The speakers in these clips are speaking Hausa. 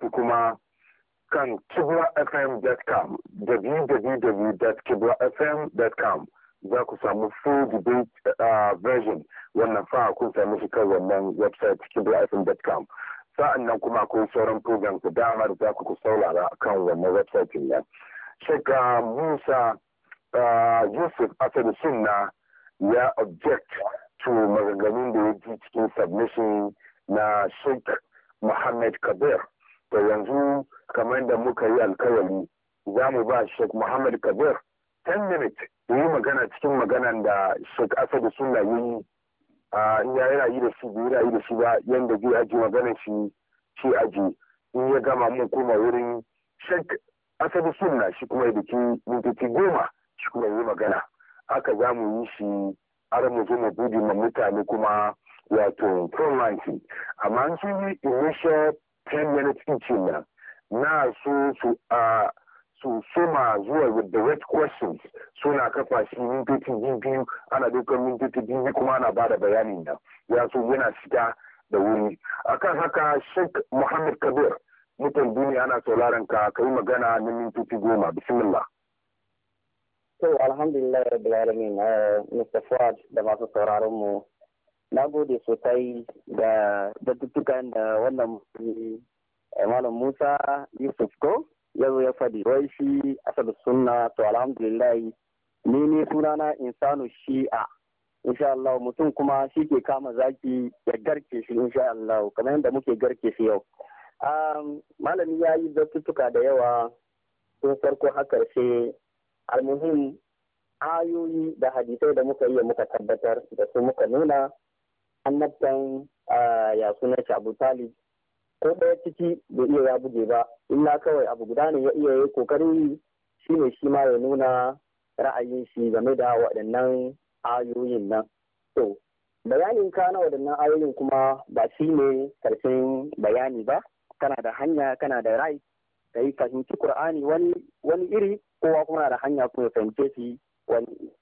tafi kuma kan kibrafm.com www.kibrafm.com za ku samu full debate uh, version wannan fa kun sami shi kan wannan website kibrafm.com sa'an nan kuma akwai sauran program da damar da za ku saurara kan wannan website nan shiga uh, musa uh, yusuf asali sunna ya object to maganganun da ya ji cikin submission na sheikh muhammad kabir to yanzu kamar da muka yi alkawari za mu ba Sheikh Muhammad Kabir 10 minutes da yi magana cikin magana da Sheikh Asad Sunna yi a ya yana yi da shi bai yi da shi ba yanda zai aji magana shi shi aji in ya gama mun koma wurin Sheikh Asad Sunna shi kuma ya biki mintoci goma shi kuma yi magana haka za mu yi shi har mu zo mu bude ma mutane kuma wato frontline amma an sun yi initial 10 minutes each nan Now, so su so, zuwa with direct questions suna kafa shi mintoci biyu ana dukkan mintoci biyu kuma ana ba da bayanin nan ya so yana shiga da wuri akan haka sheikh muhammad kabir mutan duniya ana sauraron ka kai magana na mintoci goma bismillah to alhamdulillah rabbil alamin eh, mr fuad da masu sauraron mu na gode sosai da dattukan da wannan eh, malam musa yusuf ko yau ya faɗi wai shi asal sunna to alhamdulillah ni ne sunana insanu shi'a insha Allah mutum kuma shi ke kama zaki ya garke shi insha Allah kamar yadda muke garke shi yau malami ya yi zartuttuka da yawa tun farko har karshe almuhim ayoyi da hadisai da muka yi muka tabbatar da su muka nuna annabtan ya suna shi abu talib ko ɗaya ciki bai iya ya buge ba illa kawai abu guda ne ya iya yi kokari shi ne shi ma ya nuna ra'ayin shi game da waɗannan ayoyin nan to bayanin ka na waɗannan ayoyin kuma ba shi ne karshen bayani ba kana da hanya kana da rai ka yi fahimci Kur'ani wani iri kowa kuma da hanya kuma fahimce shi wani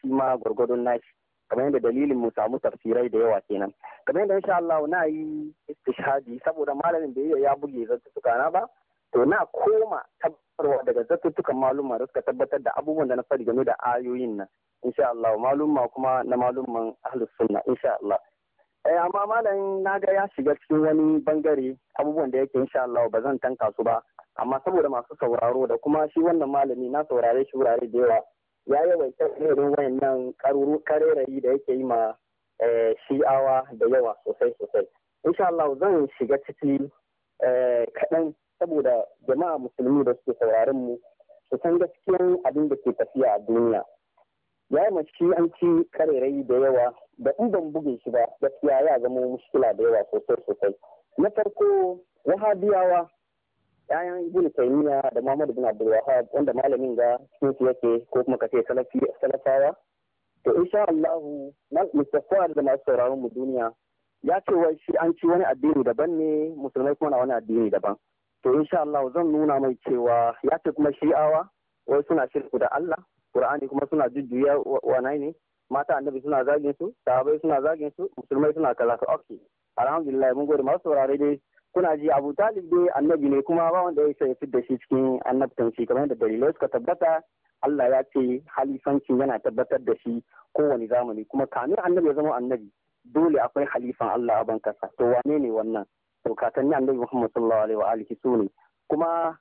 shi ma gwargwadon nashi kamar yadda dalilin mu samu tafsirai da yawa kenan kamar yadda insha Allah na yi itishadi saboda malamin da ya buge zattutuka na ba to na koma tabbatarwa daga zattutukan maluma da suka tabbatar da abubuwan da na faɗi game da ayoyin nan insha Allah maluma kuma na maluman ahlus sunna insha Allah eh amma malam na ga ya shiga cikin wani bangare abubuwan da yake insha Allah ba zan tanka su ba amma saboda masu sauraro da kuma shi wannan malami na saurare shi wurare da yawa ya yawaita irin wayannan karerayi da yake yi ma eh, shi'awa da yawa sosai sosai insha Allah zan shiga ciki eh, kaɗan saboda jama'a musulmi da suke sauraron mu su san gaskiyan abin da ke tafiya a duniya ya yi mashi an ci karerayi da yawa da in ban buge shi ba gaskiya ya zama muskila da yawa sosai sosai na farko wahabiyawa 'ya'yan ibnu taymiya da muhammad bin abdul wahab wanda malamin ga cikin su yake ko kuma ka ce salafawa to insha Allah na mustafa da masu sauraron mu duniya ya ce wai shi an ci wani addini daban ne musulmai kuma na wani addini daban to insha Allah zan nuna mai cewa ya ce kuma shi'awa wai suna shirku da Allah Qur'ani kuma suna jujjuya wanai ne mata annabi suna zagin su sahabbai suna zagin su musulmai suna kaza ka okay alhamdulillah mun gode masu saurare dai kuna ji abu talib dai annabi ne kuma ba wanda ya ya da shi cikin annabtan shi kamar da dalilai suka tabbata Allah ya ce halifancin yana tabbatar da shi kowane zamani kuma kamin annabi ya zama annabi dole akwai halifan Allah a ban kasa to wane ne wannan to katanni annabi Muhammad sallallahu alaihi wa alihi su ne kuma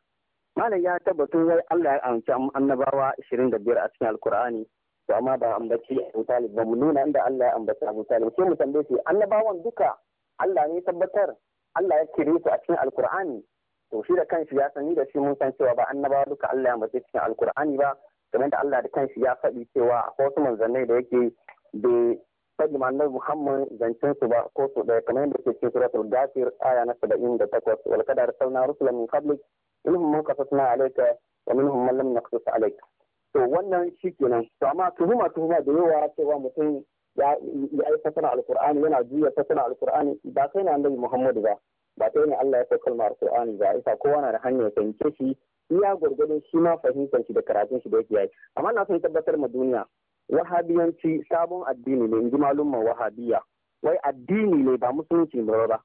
malam ya tabbato wai Allah ya amince annabawa 25 a cikin alkur'ani to amma ba ambaci Abu Talib ba mu nuna inda Allah ya ambaci Abu Talib sai mu tambaye shi annabawan duka Allah ne tabbatar Allah ya kire su a cikin alkur'ani to shi da kanshi ya sani da shi mun san cewa ba annaba duka Allah ya mace cikin alkur'ani ba kamar da Allah da kanshi ya faɗi cewa akwai wasu manzannai da yake bai faɗi ma'anar Muhammad zancen su ba ko su ɗaya kamar yadda ke cikin suratul Ghafir aya na 78 wal kadar arsalna rusulan min qablik minhum man qasasna alayka wa minhum man lam naqsus alayka to wannan shi kenan to amma tuhuma tuhuma da yawa cewa mutum ya yi fasana alkur'ani yana juya fasana alkur'ani ba kai na annabi Muhammadu ba ba ta ne Allah ya sa kalmar Qur'ani ba isa kowa na da hanyar fahimce shi iya gurgurin shi ma fahimtar shi da karatun shi da yake yi amma na son tabbatar ma duniya wahabiyanci sabon addini ne in malumman wahabiya wai addini ne ba musulunci ne ba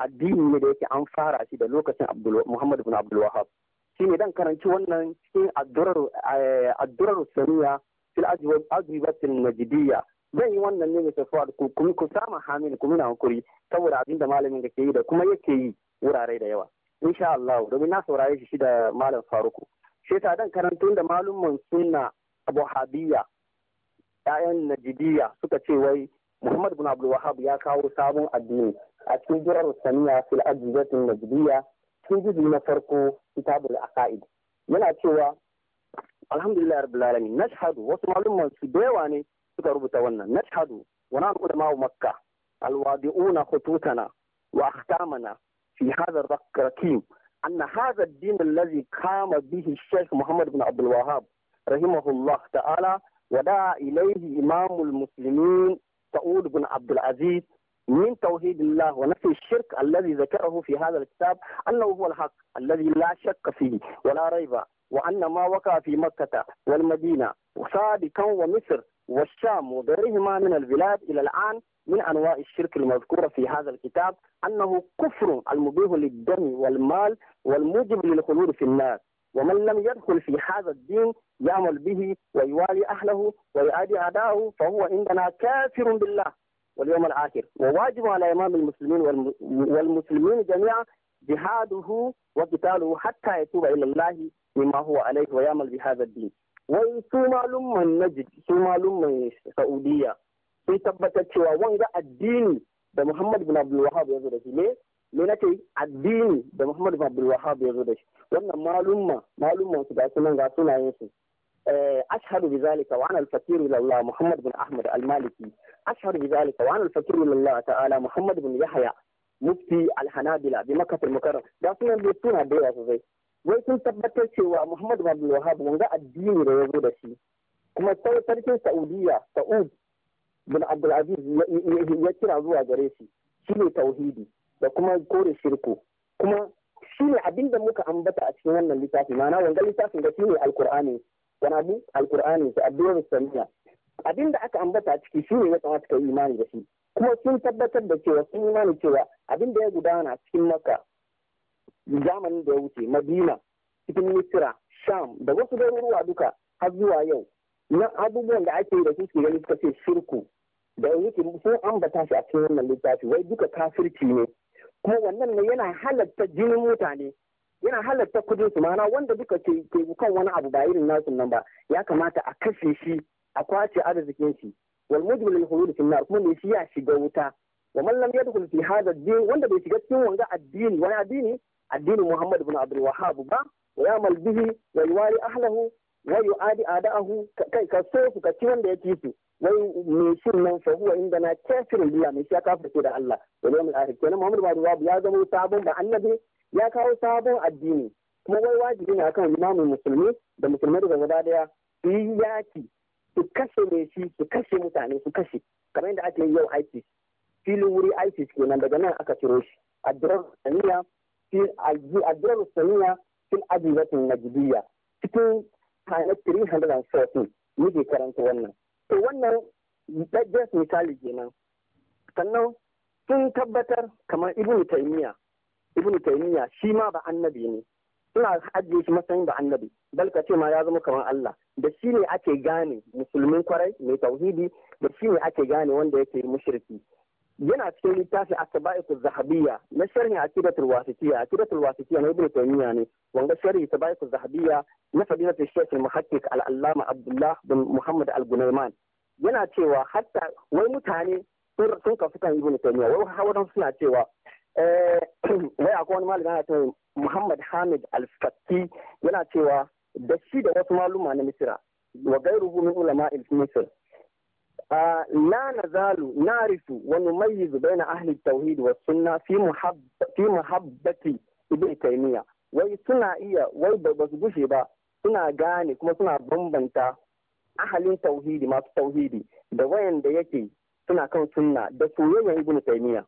addini ne da yake an fara shi da lokacin Muhammad ibn Abdul shi ne dan karanci wannan cikin addurar eh, addurar sunniya fil ajwibatil najdiyya zan yi wannan ne mai tafiya ku ku sama hamil ku nuna hankuri saboda abin da malamin da ke yi da kuma yake yi wurare da yawa insha Allah domin na saurare shi da malam Faruku shi ta dan karantu da malumman suna Abu Habiya ƴaƴan Najidiya suka ce wai Muhammad bin Abdul Wahab ya kawo sabon addini a cikin jirar saniya fil ajizatin Najidiya cikin jibi na farko kitabul aqaid yana cewa alhamdulillah rabbil alamin nashhadu wasu malumman su da yawa ne suka rubuta wannan nashhadu wa nahnu ulama'u makka alwadi'una khututana wa akhtamana fi hadha ar-rakim أن هذا الدين الذي قام به الشيخ محمد بن عبد الوهاب رحمه الله تعالى ودعا إليه إمام المسلمين سعود بن عبد العزيز من توحيد الله ونفي الشرك الذي ذكره في هذا الكتاب أنه هو الحق الذي لا شك فيه ولا ريب وأن ما وقع في مكة والمدينة سابقا ومصر والشام وغيرهما من البلاد إلى الآن من أنواع الشرك المذكورة في هذا الكتاب أنه كفر المبيه للدم والمال والموجب للخلود في النار ومن لم يدخل في هذا الدين يعمل به ويوالي أهله ويعادي أعداءه فهو عندنا كافر بالله واليوم العاشر وواجب على إمام المسلمين والمسلمين جميعا جهاده وقتاله حتى يتوب إلى الله مما هو عليه ويعمل بهذا الدين ويصوم لما نجد صوم لما سعودية في تبت الشواء وانجا الدين بمحمد بن عبد الوهاب يا يزرش ليه؟ لنكي الدين بمحمد بن عبد الوهاب يا يزرش وانا معلومة معلومة سبعثنا نغاثنا ينسي آه، أشهد بذلك وانا الفكير إلى الله محمد بن أحمد المالكي أشهر بذلك وأنا الفقير لله تعالى محمد بن يحيى mufti alhanabila bi makasar mukarram da sunan da suna da yawa sosai wai sun tabbatar cewa muhammad bin abdul wanga addini da ya zo da shi kuma sai sarkin saudiya sa'ud bin abdul aziz ya kira zuwa gare shi shine tauhidi da kuma kore shirku kuma shi ne abinda muka ambata a cikin wannan littafi ma'ana wanga littafin da shine alqur'ani wani abu alqur'ani da addu'ar samiya abin da aka ambata ciki shi ne ya kamata ka yi imani da shi kuma sun tabbatar da cewa sun imani cewa abin da ya gudana cikin maka zamanin da ya wuce madina cikin misira sham da wasu garuruwa duka har zuwa yau na abubuwan da ake yi da suke gani suka ce shirku da wuce sun ambata shi a cikin wannan littafi wai duka kafirci ne kuma wannan ne yana halatta jinin mutane yana halatta kudin su mana wanda duka ke kan wani abu ba irin nasu nan ba ya kamata a kashe shi a kwace arzikin shi wal mujmil al fi kuma ne shi ya shiga wuta wa man lam yadkhul fi hadha din wanda bai shiga cikin wanga addini wani addini addinin Muhammad ibn Abdul Wahhab ba wa yamal bihi wa yuwari ahlahu wa yu'adi ada'ahu kai ka so su ka ci wanda ya ci su wai me shin nan fa huwa inda na kafirun biya me shi ya ke da Allah wal yawmil akhir kenan Muhammad ibn Abdul Wahhab ya zama sabon da annabi ya kawo sabon addini kuma wai wajibi ne akan imamin musulmi da musulmai daga gaba daya su yi yaki su kashe mai shi su kashe mutane su kashe kamar yadda ake yau isis filin wuri isis kenan daga nan aka ciro shi adrar saniya adrar saniya fil ajiyatun najidiyya cikin kane 314 muke karanta wannan to wannan just misali kenan sannan sun tabbatar kamar ibnu taymiya ibnu taymiya shi ma ba annabi ne suna ajiye shi matsayin da annabi bal ka ce ma ya zama kamar Allah da shi ne ake gane musulmin kwarai mai tauhidi da shi ne ake gane wanda yake mushriki yana cikin littafi asba'iku zahabiyya na sharhin akidatul wasitiyya akidatul wasitiyya na ibnu taymiya ne wanga sharhi asba'iku zahabiyya na fadilatul shaykh al-muhaqqiq al-allama abdullah bin muhammad al-gunayman yana cewa hatta wai mutane sun kafi kan ibnu taymiya wai hawadan suna cewa eh, wai akwai wani malami ana Muhammad Hamid Al-Fakki yana cewa da shi da wasu maluma na Misira wa gai min ulama Misir la nazalu narisu wa numayyizu baina ahli tauhid wa sunna fi muhabbati ibn taymiya wai suna iya wai ba su gushe ba suna gane kuma suna bambanta ahalin tauhidi masu tauhidi da wayan da yake suna kan sunna da soyayya ibn taymiya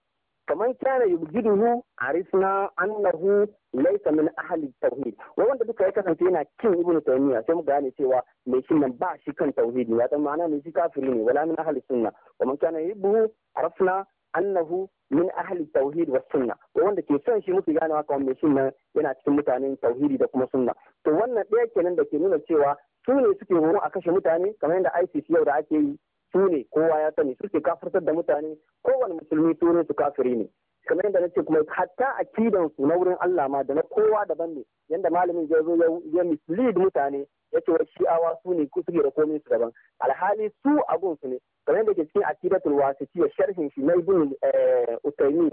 kamar kana yubjiduhu arifna annahu laika min ahli tauhid wai wanda duka ya kasance yana kin ibnu taymiya sai mu gane cewa mai shi nan ba shi kan tauhid ya ta ma'ana ne shi kafiri ne wala min ahli sunna kamar kana yubu arifna annahu min ahli tauhid was sunna wai wanda ke son shi muke ganewa kamar mai shi nan yana cikin mutanen tauhidi da kuma sunna to wannan ɗaya kenan da ke nuna cewa su ne suke horo a kashe mutane kamar yadda ICC yau da ake yi su ne kowa ya sani su ke kafirtar da mutane kowane musulmi su ne su kafiri ne kamar yadda na ce kuma hatta kidan su na wurin Allah ma da na kowa daban ne yadda malamin ya zo ya mislead mutane ya ce wai shi'awa su ne suke da komai su daban alhali su abun su ne kamar yadda ke cikin akidatul wasitiyya sharhin shi na ibn eh, utaymi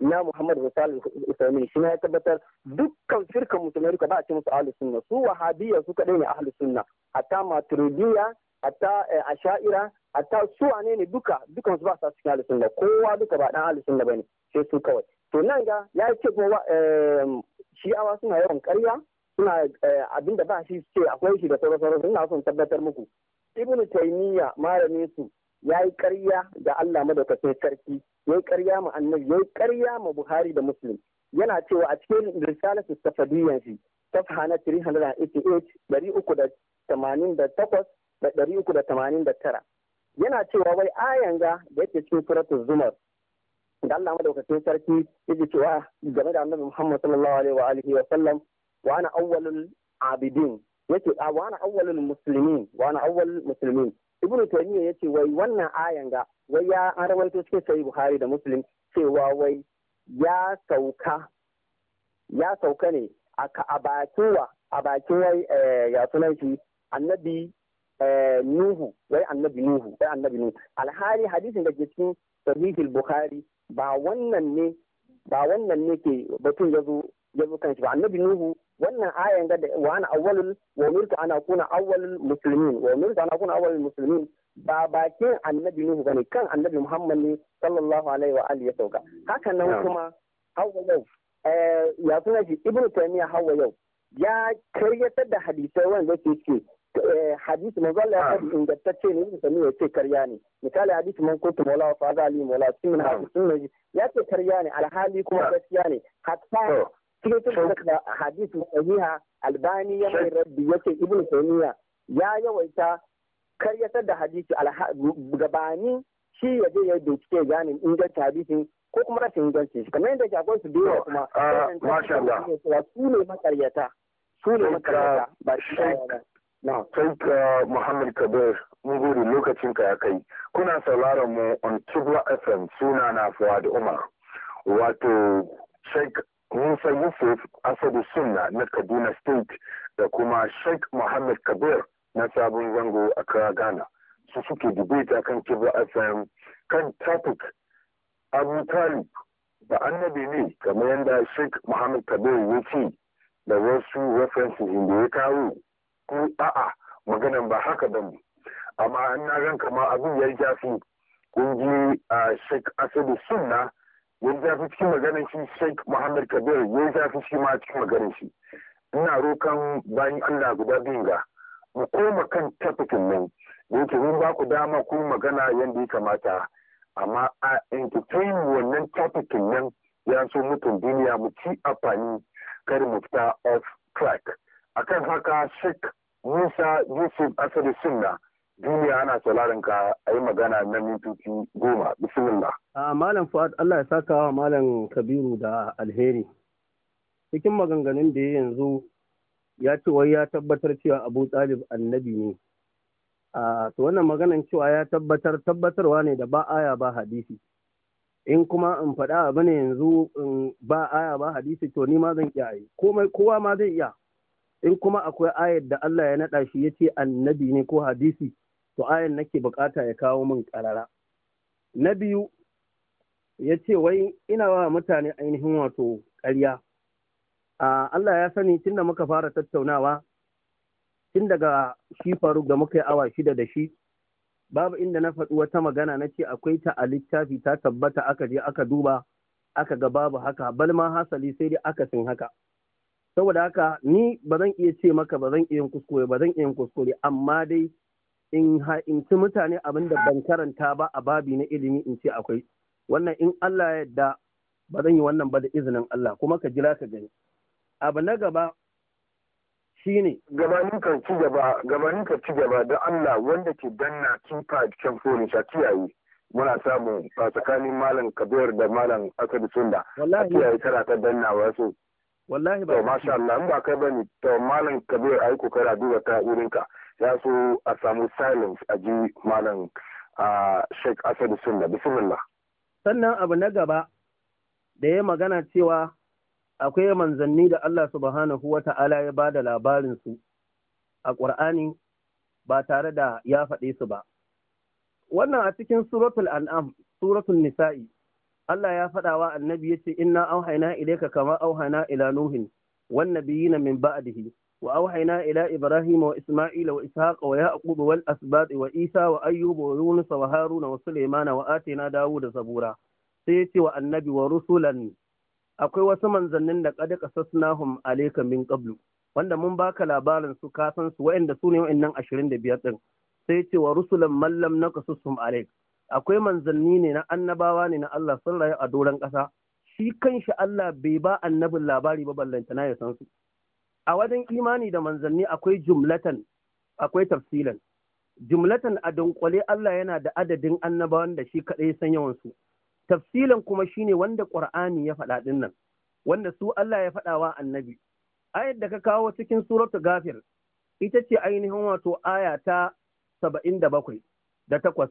na Muhammad Rasal Usaimin shi ya tabbatar dukkan firkan musulmai duka ba a ce musu ahlus sunna su wahabiyya su kadai ne ahlus sunna hatta maturidiyya hatta eh, asha'ira hatta su wane ne duka dukansu su ba sa cikin alisun da kowa duka ba dan alisun da bane sai su kawai to nan ga ya ce shi shi'awa suna yawan karya suna eh, abinda ba shi ce akwai shi da sauran sauran suna son tabbatar muku ibnu taymiya malamin su ya yi karya da Allah madaukakin sarki ya yi karya ma annabi ya yi karya ma buhari da muslim yana cewa a cikin risalatu safadiyyan shi safha na 388 388 da yana cewa wai ayan ga da yake cikin suratul zumar da Allah madaukakin sarki yake cewa game da Annabi Muhammad sallallahu alaihi wa alihi wa sallam wa ana awwalul abidin yake wa ana awwalul muslimin wa ana awwalul muslimin Ibn Taymiyyah yace wai wannan ayan ga wai ya an rawaito cikin Sahih Buhari da Muslim cewa wai ya sauka ya sauka ne a bakin wa a bakin wai eh, ya sunan shi annabi Eh, Nuhu wai annabi Nuhu wai annabi Nuhu alhali hadisin da ke cikin sahihul Bukhari ba wannan ne ba wannan ne ke batun yazo yazo kan shi ba annabi Nuhu wannan ayan ga da wa ana awwalul wa umirtu ana kuna awwalul muslimin wa umirtu ana kuna awwalul muslimin ba bakin annabi Nuhu bane kan annabi Muhammad ne sallallahu alaihi wa alihi ya sauka haka nan kuma hawa yau eh, ya suna shi ibnu taymiya hawa yau ya karyatar da hadisai wanda yake ce Eh, hadisi manzo Allah ya ah. faɗi ingantacce ne Ibn yace karya ne misali hadisi man kuntu mawla fa zali mawla ah. yace karya ne alhali kuma ah. gaskiya ne hatta cikin cikin da hadisi sahiha albani ya mai rabbi yace Ibn ya yawaita karyatar da hadisi gabani shi ya je ya bincike gane ingancin hadisin ko kuma rashin inganci shi kamar yadda akwai su biyu kuma su ne makaryata su ne makaryata ba shi Na kai ka Muhammad Kabir mun gode lokacin ka ya kai. Kuna sauraron mu on Kibla FM suna na da Umar. Wato Sheikh Musa Yusuf Asadu Sunna na Kaduna State da kuma Sheikh Muhammad Kabir na sabon zango a Accra Ghana. Su suke debate kan Kibla FM kan topic Abu Talib da annabi ne kamar yadda Sheikh Muhammad Kabir ya ce da wasu references da ya kawo ko a'a maganan ba haka ba ne amma na gan kama abin ya fi kun ji sheik asadu sunna ya fi cikin maganan shi sheik muhammad kabir ya fi shi ma cikin maganan shi ina rokan bayan allah guda biyun ga mu koma kan tafikin nan da yake mun ba ku dama ku magana yadda ya kamata amma a entertain wannan tafikin nan ya so mutum duniya mu ci amfani kar mu fita off track akan haka Sheikh Musa Yusuf Asali Sunna duniya ana sauraron ka a yi magana na mintoci goma bismillah. A malam Fuad Allah ya saka wa malam Kabiru da alheri. Cikin maganganun da ya yanzu ya ce wai ya tabbatar cewa Abu Talib annabi ne. A to wannan maganan cewa ya tabbatar tabbatarwa ne da ba aya ba hadisi. In kuma in faɗa abu ne yanzu ba aya ba hadisi to ni ma zan iya yi. kowa ma zai iya. in kuma akwai ayar da Allah ya naɗa shi ya ce annabi ne ko hadisi to ayar nake bukata ya kawo min karara na biyu ya ce wai ina wa mutane ainihin wato ƙarya Allah ya sani tunda muka fara tattaunawa tun daga shi faru da muka yi awa shida da shi babu inda na faɗi wata magana na ce akwai ta a littafi ta tabbata aka je aka duba aka ga babu haka balma hasali sai dai akasin haka saboda haka ni ba zan iya ce maka ba zan iya yin kuskure ba zan iya yin kuskure amma dai in in ci mutane abin da ban karanta ba a babi na ilimi in ce akwai wannan in Allah ya yarda ba zan yi wannan ba da izinin Allah kuma ka jira ka gani abu na gaba shine gabanin ka ci gaba gabanin ka ci gaba da Allah wanda ke danna kifa cikin fori sha kiyaye muna samu tsakanin malam Kabir da malam Asad Sunda kiyaye tara ta danna wasu wallahi ba ma masha Allah in ba kai bane to malam kabir ai kokari a duba ta irinka ya so a samu silence a ji malam Sheikh asad Sunna bismillah sannan abu na gaba da ya magana cewa akwai manzanni da Allah subhanahu wa ta'ala ya ba da su a ƙur'ani ba tare da ya faɗe su ba. Wannan a cikin suratul an'am, suratul nisa'i, Allah ya faɗa wa annabi yace inna auhayna ilayka kama auhana ila nuhin wan nabiyina min ba'dihi wa auhayna ila ibrahim wa isma'ila wa ishaq wa yaqub wal asbat wa isa wa ayyub wa yunus wa haruna wa sulaymana wa atina da zabura sai yace wa annabi wa rusulan akwai wasu manzannin da qad qasasnahum alayka min qablu wanda mun baka labarin su ka san su wa'anda su ne 25 din sai yace wa rusulan mallam naqasushum alayka akwai manzanni ne na annabawa ne na Allah sun rayu a doron ƙasa shi kanshi Allah bai ba annabin labari ba na ya san su a wajen imani da manzanni akwai jumlatan akwai tafsilan jumlatan a dunkwale Allah yana da adadin annabawan da shi kaɗai san yawan su tafsilan kuma shine wanda Qur'ani ya faɗa din nan wanda su Allah ya faɗa wa annabi ayar da ka kawo cikin suratu gafir ita ce ainihin wato aya ta saba'in da bakwai da takwas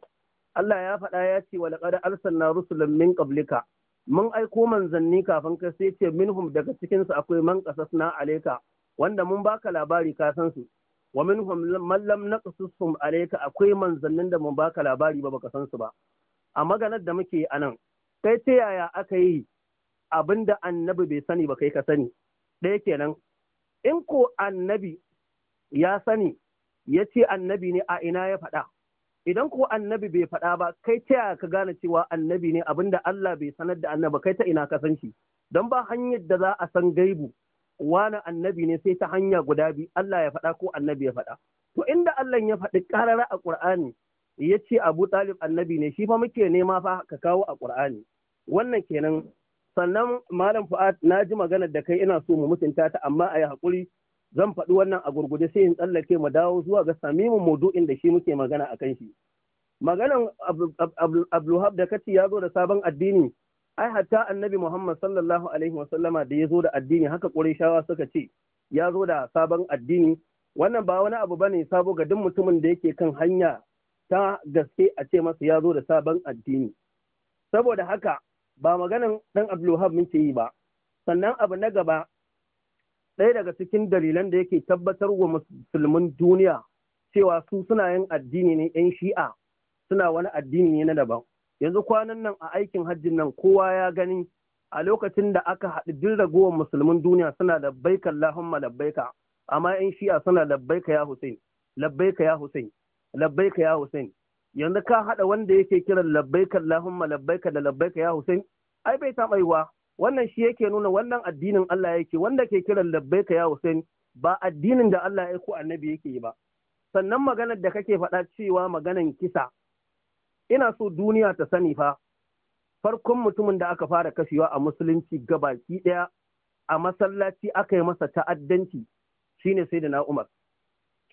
Allah ya faɗa ya ce wa laqad arsalna rusulun min ƙablika. mun aiko manzanni kafin ka sai ce minhum daga cikinsu akwai man qasasna aleka wanda mun baka labari ka san su wa minhum mallam na ƙasusun aleka akwai manzannin da mun baka labari ba baka san su ba a maganar da muke a nan sai ta yaya aka yi abin da annabi bai sani ba kai ka sani ɗaya kenan in ko annabi ya sani ya ce annabi ne a ina ya faɗa idan ko annabi bai faɗa ba kai ta yaya ka gane cewa annabi ne abinda Allah bai sanar da annabi kai ta ina ka san shi Don ba hanyar da za a san gaibu wani annabi ne sai ta hanya guda biyu Allah ya faɗa ko annabi ya faɗa to inda Allah ya faɗi karara a Qur'ani ya ce Abu Talib annabi ne shi fa muke nema fa ka kawo a Qur'ani wannan kenan sannan malam Fuad na ji maganar da kai ina so mu mutunta ta amma a yi haƙuri zan faɗi wannan a gurguje sai in tsallake mu dawo zuwa ga samimin maudu'in da shi muke magana a kan shi maganan abdulhab da kaci ya zo da sabon addini ai hatta annabi muhammad sallallahu alaihi wasallama da ya zo da addini haka shawa suka ce ya zo da sabon addini wannan ba wani abu ba ne sabo ga duk mutumin da yake kan hanya ta gaske a ce masa ya zo da sabon addini saboda haka ba maganan ɗan abdulhab muke yi ba sannan abu na gaba ɗaya daga cikin dalilan da yake tabbatar wa musulmin duniya cewa su suna yin addini ne 'yan shi'a suna wani addini ne na daban yanzu kwanan nan a aikin hajjin nan kowa ya gani a lokacin da aka haɗu duk ragowar musulmin duniya suna labbaika Allahumma labbaika amma 'yan shi'a suna baika ya Hussein labbaika ya Hussein labbaika ya Hussein yanzu ka haɗa wanda yake kiran labbaika Allahumma labbaika da labbaika ya Hussein ai bai taɓa yiwa wannan shi yake nuna wannan addinin Allah yake wanda ke kiran ka ya Hussein ba addinin da Allah ya ko annabi yake yi ba sannan maganar da kake faɗa cewa maganan kisa ina so duniya ta sani fa farkon mutumin da aka fara kashewa a musulunci gabaki ɗaya a masallaci aka yi masa ta'addanci shine sai da na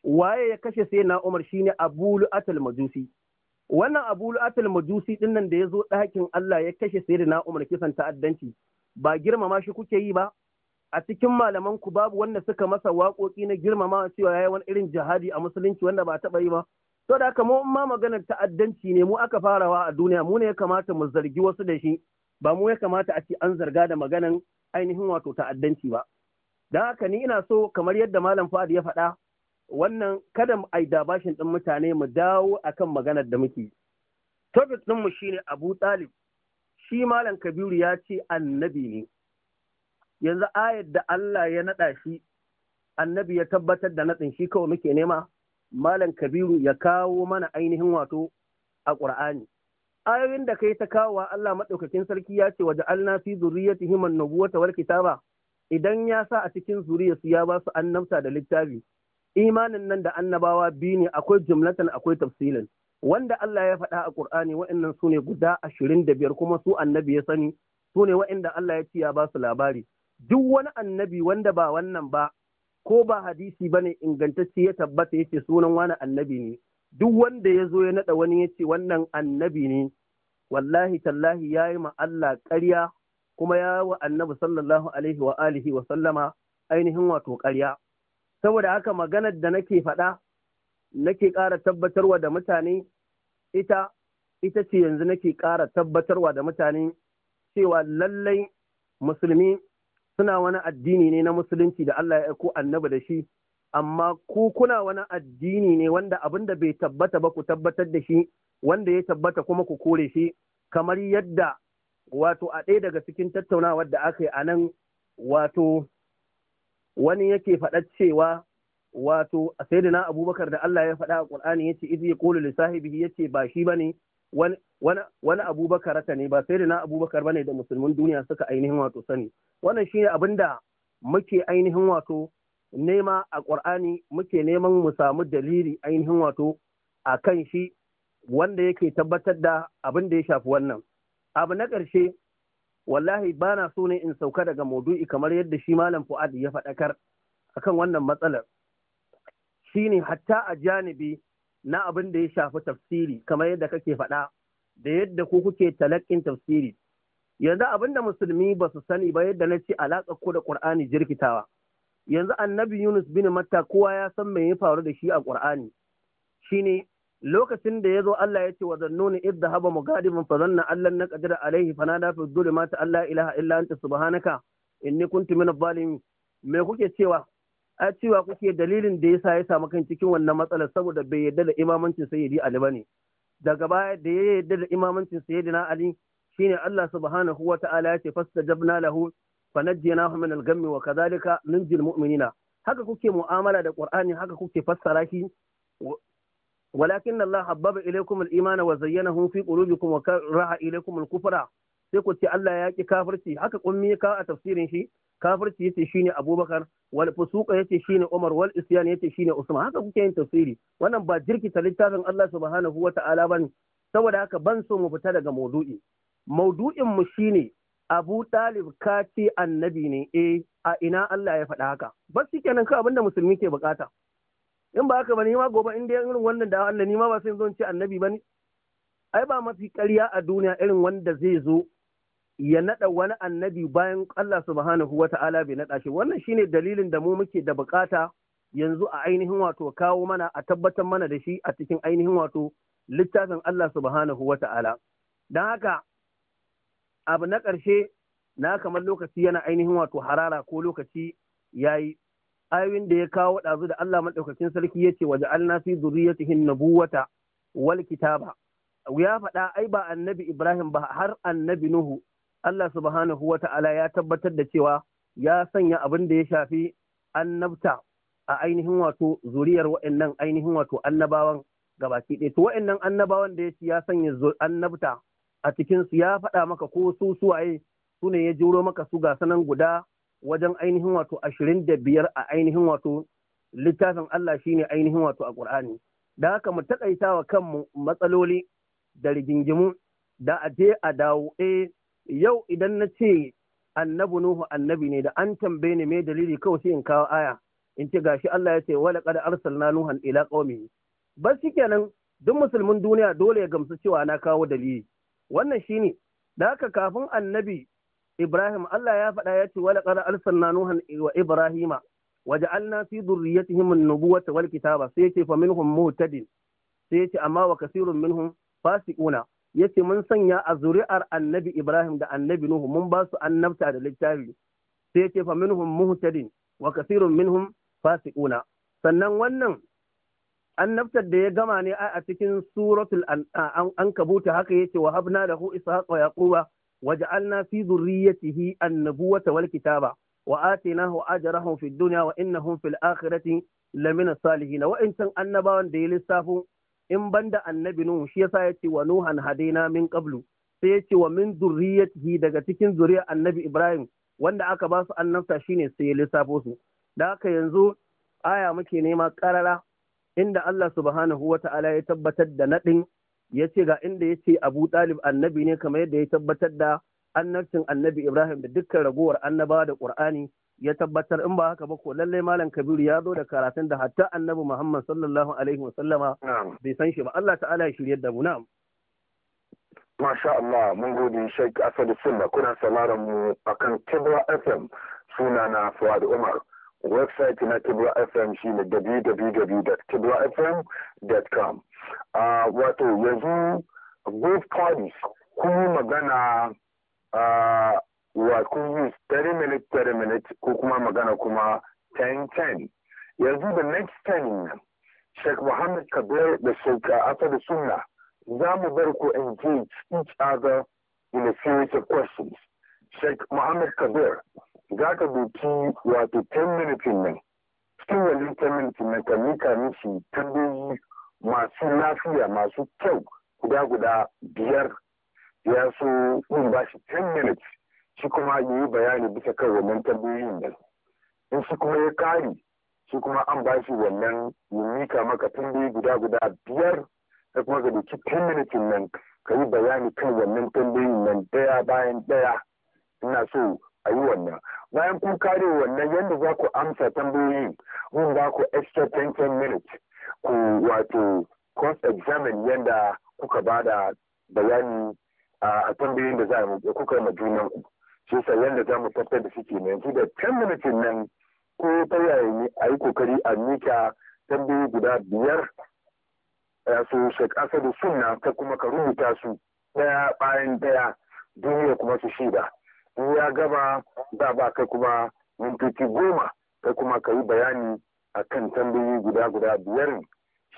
waye ya kashe sai na Umar shine Abulu Atal Majusi wannan Abu Lu'atul Majusi din da ya zo ɗakin Allah ya kashe sai da Umar kisan ta'addanci ba girmama shi kuke yi ba a cikin malaman ku babu wanda suka masa waƙoƙi na girmama cewa yayi wani irin jihadi a musulunci wanda ba taɓa yi ba to da haka mu ma maganar ta'addanci ne mu aka farawa a duniya mu ne ya kamata mu zargi wasu da shi ba mu ya kamata a ce an zarga da maganan ainihin wato ta'addanci ba Da haka ni ina so kamar yadda malam fad ya faɗa wannan kada mu aida bashin ɗin mutane mu dawo akan maganar da muke. Topic ɗinmu shine Abu Talib shi malam kabiru ya ce annabi ne yanzu ayar da Allah ya naɗa shi annabi ya tabbatar da natsin shi kawai muke nema malam kabiru ya kawo mana ainihin wato a ƙur'ani ayoyin da kai ta kawo wa Allah maɗaukakin sarki ya ce waje alna fi zurriyatihim an-nubuwata wal kitaba idan ya sa a cikin zuriyarsu ya ba su annabta da littafi imanin nan da annabawa biyu ne akwai jumlatan akwai tafsilin wanda Allah ya faɗa a Ƙur'ani wa'annan su ne guda ashirin da biyar kuma su annabi ya sani su ne wa'anda Allah ya ce ya ba su labari duk wani annabi wanda ba wannan ba ko ba hadisi ba ne ingantacce ya tabbata ya ce sunan wani annabi ne duk wanda ya zo ya naɗa wani ya ce wannan annabi ne wallahi tallahi ya yi ma Allah ƙarya kuma ya wa annabi sallallahu alaihi wa alihi wa sallama ainihin wato ƙarya saboda haka maganar da nake faɗa nake ƙara tabbatarwa da mutane ita ita ce yanzu nake ƙara tabbatarwa da mutane cewa lallai musulmi suna wani addini ne na musulunci da Allah ya aiko annabi da shi amma ku kuna wani addini ne wanda abin da bai tabbata ba ku tabbatar da shi wanda ya tabbata kuma ku kore shi kamar yadda wato a ɗaya daga cikin tattaunawar da aka yi a nan wato wani yake faɗa cewa wato sayyidina abubakar da Allah ya faɗa a qur'ani yace idh yaqulu li sahibihi yace ba shi bane wani wani abubakar ta ne ba sayyidina abubakar bane da musulmin duniya suka ainihin wato sani wannan shine abinda muke ainihin wato nema a qur'ani muke neman mu samu dalili ainihin wato a kan shi wanda yake tabbatar da abin da ya shafi wannan abu na ƙarshe wallahi ba na so ne in sauka daga maudu'i kamar yadda shi malam fu'ad ya faɗakar akan wannan matsalar shine hatta a janibi na abin da ya shafi tafsiri kamar yadda kake faɗa da yadda ku kuke talakin tafsiri yanzu abin da musulmi ba su sani ba yadda na ce alaƙa ko da ƙur'ani jirkitawa yanzu annabi yunus bin matta kowa ya san me ya faru da shi a ƙur'ani shine lokacin da ya zo Allah ya ce wa nuna idda haba mugadibin fa zanna Allah na qadira alaihi fa nada fi dhulumati Allah ilaha illa anta subhanaka inni kuntu mina dhalimin me kuke cewa a cewa kuke dalilin da yasa ya samu kan cikin wannan matsalar saboda bai yarda da imamancin sayyidi Ali bane daga baya da ya yarda da imamancin sayyidina Ali shine Allah subhanahu wa ta'ala ya ce fastajabna lahu fanajjaynahu min al-ghammi wa kadhalika nunjil mu'minina haka kuke mu'amala da Qur'ani haka kuke fassara shi Allah habbaba ilaykum al-iman wa Zayyana, fi qulubikum wa karaha ilaykum al-kufra sai ku ce Allah ya ki kafirci haka ya ka a tafsirin shi kafirci yace shine abubakar wal fusuqa yace shine umar wal isyan yace shine usman haka kuke yin tafsiri wannan ba jirkita littafin Allah subhanahu wata'ala bane saboda haka ban so mu fita daga maudu'i maudu'in mu shine Abu Talib ka ce annabi ne eh a ina Allah ya faɗa haka bas nan ka abinda musulmi ke bukata in ba haka ba ni ma gobe in dai irin wannan da Allah ni ma ba sai zo ce annabi bane ai ba mafi ƙarya a duniya irin wanda zai zo ya naɗa wani annabi bayan Allah subhanahu wa ta'ala bai naɗa shi wannan shine dalilin da mu muke da bukata yanzu a ainihin wato kawo mana a tabbatar mana da shi a cikin ainihin wato littafin Allah subhanahu wa ta'ala don haka abu na ƙarshe na kamar lokaci yana ainihin wato harara ko lokaci yayi ayoyin da ya kawo ɗazu da Allah maɗaukakin sarki ya ce waje alna fi zuriyatihin nabuwata wal kitaba ya faɗa ai ba annabi Ibrahim ba har annabi Nuhu Allah subhanahu wa ta'ala ya tabbatar da cewa ya sanya abin da ya shafi annabta a ainihin wato zuriyar wa'annan ainihin wato annabawan gabaki ɗaya. To wa'annan annabawan da ya ci ya sanya annabta a cikinsu ya faɗa maka ko su suwaye su ne ya juro maka su ga sanan guda wajen ainihin wato ashirin da biyar a ainihin wato littafin Allah shi shine ainihin wato a Ƙur'ani. Da haka mu taƙaitawa kanmu matsaloli da rigingimu da a je a dawo eh yau idan na ce annabi Nuhu annabi ne da an tambaye ni me dalili kawai sai in kawo aya in ce gashi Allah ya ce wala qad arsalna nuhan ila qaumihi bas shikenan duk musulmin duniya dole ya gamsu cewa na kawo dalili wannan shine da haka kafin annabi Ibrahim Allah ya faɗa ya ce wala qad arsalna nuhan wa ibrahima waja'alna fi dhurriyyatihim an nubuwata wal kitaba sai yace fa minhum muhtadin sai ce amma wa kasirun minhum fasiquna yace mun sanya a zuri'ar annabi Ibrahim da annabi Nuhu mun ba su annabta da littafi sai yace fa minhum muhtadin wa kasirun minhum fasiquna sannan wannan annabtar da ya gama ne a cikin suratul an kabuta haka yace wa habna lahu ishaq wa yaquba waja'alna fi dhurriyyatihi an-nubuwata wal kitaba wa atinahu ajrahum fid dunya wa innahum fil akhirati lamina salihin wa intan annabawan da ya lissafo in banda annabi nuhu shi yasa yace wa nuhan hadaina min qablu sai yace wa min zurriyatihi daga cikin zuriyar annabi ibrahim wanda aka ba su annabta shine sai ya lissafo su da haka yanzu aya muke nema karara inda Allah subhanahu wa ta'ala ya tabbatar da naɗin yace ga inda yace Abu Talib annabi ne kamar yadda ya tabbatar da annabcin annabi Ibrahim da dukkan ragowar annabawa da Ƙur'ani ya tabbatar in ba haka ba ko lalle malam kabiru ya zo da karatun da hatta annabi muhammad sallallahu alaihi wasallama bai san shi ba allah ta'ala ya shirya da mu na'am Masha Allah, mun gode Sheikh Asadu Sunna kuna sauraron mu akan Kibra FM suna na Fuad Umar. Website na Kibra FM shine www.kibrafm.com. Uh, wato yanzu both parties kun magana uh, wato use 30 minutes 30 ko kuma magana kuma 10 10 yanzu da next 10 nan Sheikh Muhammad Kabir da Sheikh da Sunna za mu bar ku engage each other in a series of questions. Sheikh Muhammad Kabir za ka doki wato 10 minutes nan cikin wannan 10 minutes nan ka mika mishi tambayi masu lafiya masu kyau guda guda biyar ya so yin ba shi 10 minutes shi kuma ya yi bayani bisa kan wannan tambayoyin nan in shi kuma ya kare shi kuma an ba shi wannan yunika mika maka tambayi guda guda biyar da kuma ga duki ten minitin nan ka yi bayani kan wannan tambayoyin nan daya bayan daya ina so a yi wannan bayan kun kare wannan yadda za ku amsa tambayoyin mun ba ku extra ten ten minutes ku wato cross examine yadda kuka ba da bayani a tambayoyin da za a kuka ma junanku. ku shi sa yanda za mu tabbatar da suke ke yanzu da can minutin nan ko ta yaya a yi kokari a mika tambayi guda biyar ya eh, su shek asadu sunna ta kuma ka rubuta su daya bayan daya duniya kuma su shida in ya gaba za ba kai kuma mintoci goma kai kuma ka yi bayani a kan tambayi guda guda biyar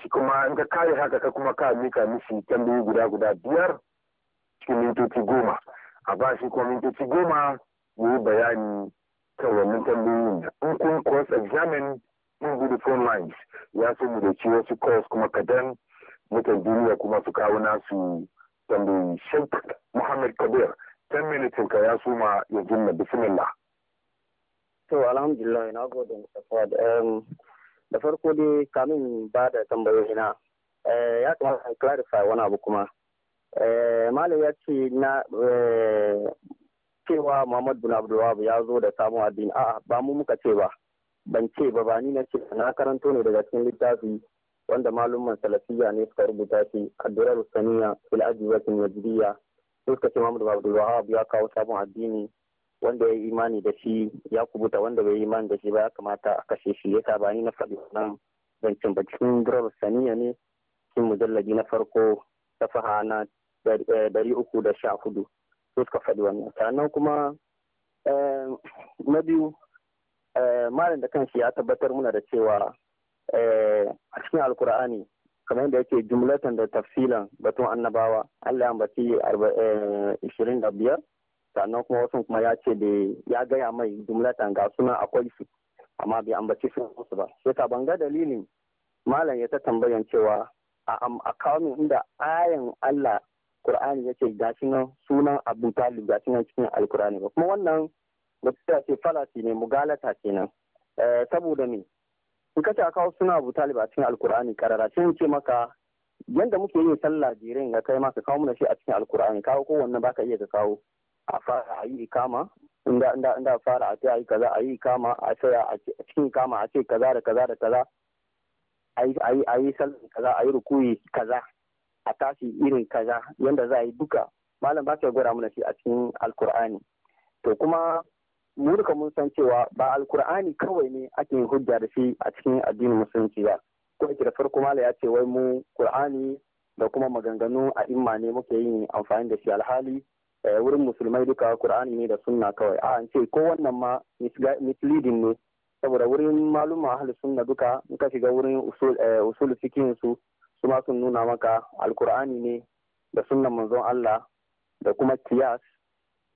shi kuma in ka kare haka kai kuma ka mika mishi tambayi guda guda biyar cikin mintoci goma a ba shi kwamintoci goma ya yi bayani kan wannan tambayoyin da in kun cross examine in gudu phone lines ya so mu da wasu course kuma kadan mutan duniya kuma su kawo nasu tambayoyi sheikh muhammad kabir 10 minutes ka ya suma ya jinna bismillah to alhamdulillah na gode mustapha da farko dai kamin ba da tambayoyi na eh, ya kamata in clarify wani abu kuma Eh, malam ya ce na eh, cewa Muhammad bin Abdul ya zo da samun addini a'a ba mu muka ce ba ban ce ba ba ni na ce na karanto ne daga cikin littafi wanda malumman salafiya ne suka rubuta shi durar saniya fil ajibatin najdiya suka ce Muhammad bin Abdul ya kawo samun addini wanda ya yi imani da shi ya kubuta wanda bai yi imani da shi ba ya kamata a kashe shi yasa ba ni na faɗi wannan zancen ba cikin durar saniya ne cikin mujallaji na farko safaha na dari eh, uku da sha hudu su suka faɗi wannan sannan kuma eh, na biyu eh, malam da kanshi ya tabbatar muna da cewa a cikin alkur'ani kamar yadda yake jumlatan da tafsilan batun annabawa allah ambaci ishirin da biyar sannan kuma wasu kuma ya ce da ya gaya mai jumlatan ga suna akwai su amma bai ambaci su ba sai ka banga dalilin malam ya ta tambayan cewa a kawo inda ayan Allah Qur'ani yake gashi nan sunan Abu Talib gashi nan cikin Alkur'ani ba kuma wannan su ce falasi ne mugalata kenan eh, saboda me in kace a kawo sunan Abu Talib a cikin Alkur'ani karara sai ce maka yanda muke yin sallah jirin ga kai maka kawo mana shi a cikin Alkur'ani kawo ko wannan baka iya ka kawo a fara a yi ikama inda inda inda fara a ce a yi kaza a yi ikama a tsaya a cikin ikama a ce kaza da kaza da kaza a yi kaza a yi rukuyi kaza a tashi irin kaza yanda za a yi duka malam ba ta gwada mana shi a cikin alkur'ani to kuma mu duka mun san cewa ba alkur'ani kawai ne ake hujja da shi a cikin addinin musulunci ba ko da farko mala ya ce wai mu qur'ani da kuma maganganu a imma ne muke yin amfani da shi alhali eh, wurin musulmai duka qur'ani ne da sunna kawai a an ce ko wannan ma misleading ne saboda wurin maluma ahli sunna duka in ka shiga wurin usul cikin eh, su su ma sun nuna maka alkur'ani ne da sunnan manzon Allah da kuma kiyas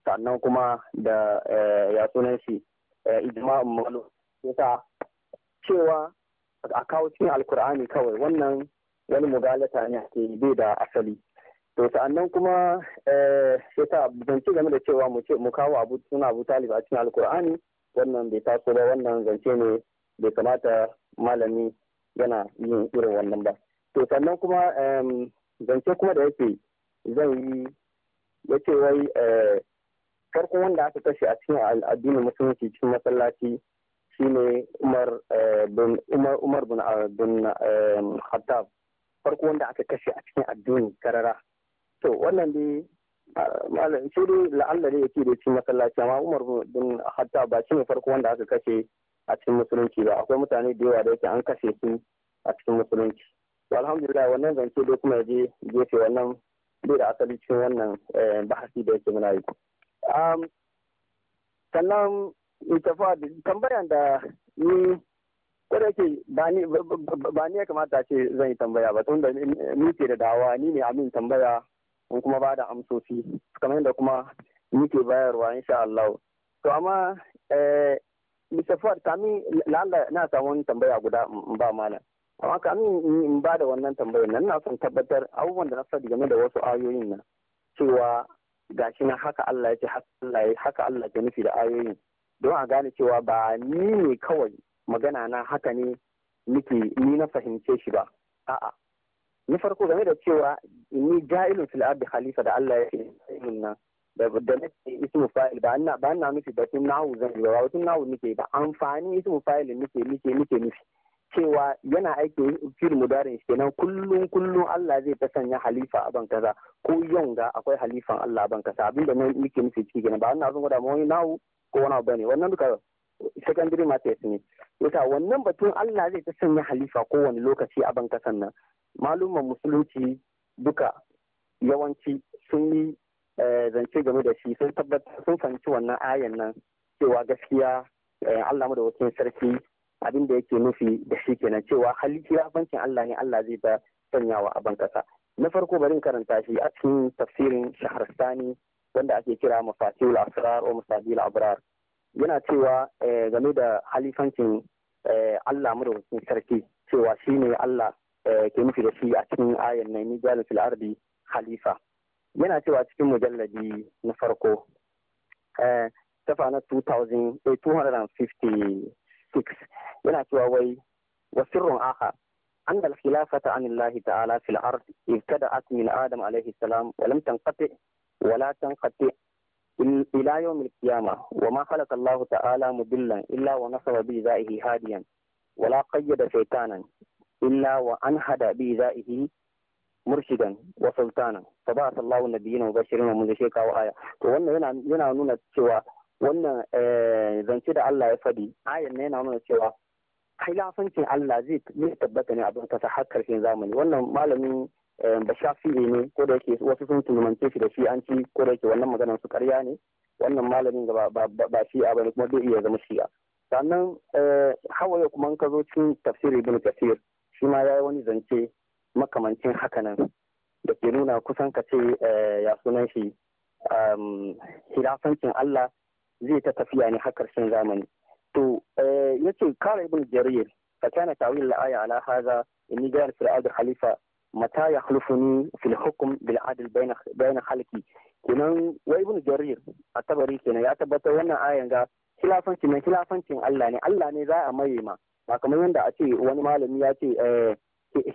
sannan kuma da eh, ya sunan shi eh, ijma'un malum ta cewa a kawo cikin alkur'ani kawai wannan wani mugalata ne ake bai da asali to sa'annan kuma ya ta zance game da cewa mu mu kawo abu suna abu talib a cikin alkur'ani wannan bai taso ba wannan zance ne bai kamata malami yana yin irin wannan ba to sannan kuma zance kuma da yake zan yi ya ce wai eh, farkon wanda aka kashe a cikin addinin musulunci cikin masallaci shine umar eh, bin umar bin ah, khattab farko wanda aka kashe a cikin addini karara to wannan dai malam sai dai la'alla ne yake da cikin masallaci amma umar bin hatta ba shi ne farko wanda aka kashe a cikin musulunci ba akwai mutane da yawa da yake an kashe su a cikin musulunci to alhamdulillah wannan zance dai kuma je gefe wannan bai da asali cikin wannan eh, bahasi da yake muna yi sannan tafa tambayan da ni ko da yake ba ni ya kamata ce zan yi tambaya ba tunda ni ke da dawa ni ne amin tambaya in kuma ba da amsoci kamar yadda kuma muke bayarwa insha Allah to amma eh Mr. Ford kamin lalla na samu wani tambaya guda in ba mana. amma in ba da wannan tambayar nan na son tabbatar abubuwan da na sani game da wasu ayoyin nan cewa gashi na haka Allah ya ce haka Allah ya nufi da ayoyin don a gane cewa ba ni ne kawai magana na haka ne nike ni na fahimce shi ba a'a na farko game da cewa ni ja'ilun fil ardi khalifa da Allah ya ce nan da nake ismu fa'il ba na ba na nufi ba tun nahu zan yi ba tun nahu nake ba amfani ismu fa'il nake nake nake nufi cewa yana aiki fil mudarin shi kenan kullum kullum Allah zai ta sanya halifa a ban kaza ko yau ga akwai halifan Allah a ban kaza abinda nan nake nufi cikin kenan ba ina zan gwada mu wani nahu ko wani abu ne wannan duka secondary matters ne yasa wannan batun Allah zai ta sanya halifa kowane lokaci a bankasan nan malumman musulunci duka yawanci sun yi eh, zance game da shi sun tabbatar sun fahimci wannan ayan nan cewa gaskiya eh, Allah mu da wakilin sarki abin da yake nufi da shi kenan cewa halifa bankin Allah ne Allah zai ta sanyawa a bankasa. na farko bari in karanta shi a cikin tafsirin shaharstani wanda ake kira mafatihul asrar wa masabil abrar yana cewa eh, game da halifancin eh, Allah madaukakin sarki cewa shi ne Allah eh, ke nufi da shi a cikin ayan na nijalu fil ardi khalifa yana cewa cikin mujalladi na farko tafa na 256 yana cewa wai wasirrun aha أن الخلافة عن الله تعالى في الأرض ابتدأت من آدم عليه السلام ولم تنقطع ولا تنقطع ila yawmil wa ma khalaqa Allah ta'ala mudillan illa wa nasaba bi za'ihi hadiyan wala la qayyada shaytanan illa wa anhada bi za'ihi murshidan wa sultanan fa ba sallahu nabiyina wa bashirin wa munzishe aya to wannan yana nuna cewa wannan eh, zance da Allah ya fadi ayan ne yana nuna cewa khilafancin Allah zai tabbata ne abin kasa har karshen zamani wannan malamin ba ehm, shafi'i ne ko da yake wasu sun tunumance shi da shi an ci ko da yake wannan maganar su karya ne wannan malamin ga ba shi a bane kuma zai iya zama shi'a sannan eh, hawaye kuma ka zo cin tafsir ibn kasir shi ma yi wani zance makamancin hakanan da ke nuna kusan ka ce eh, ya sunan shi ehm, hilafancin Allah zai ta tafiya ne har karshen zamani to eh, yace kare ibn jarir ka kyana tawil la'aya aya ala hadha inni ja'al fir'aun halifa mata ya ni fil hukum bil adil bayan halki kenan wai ibn jarir a tabari kenan ya tabbatar wannan ayan ga khilafancin mai khilafancin Allah ne Allah ne za a maye ma ba kamar yadda a ce wani malami ya ce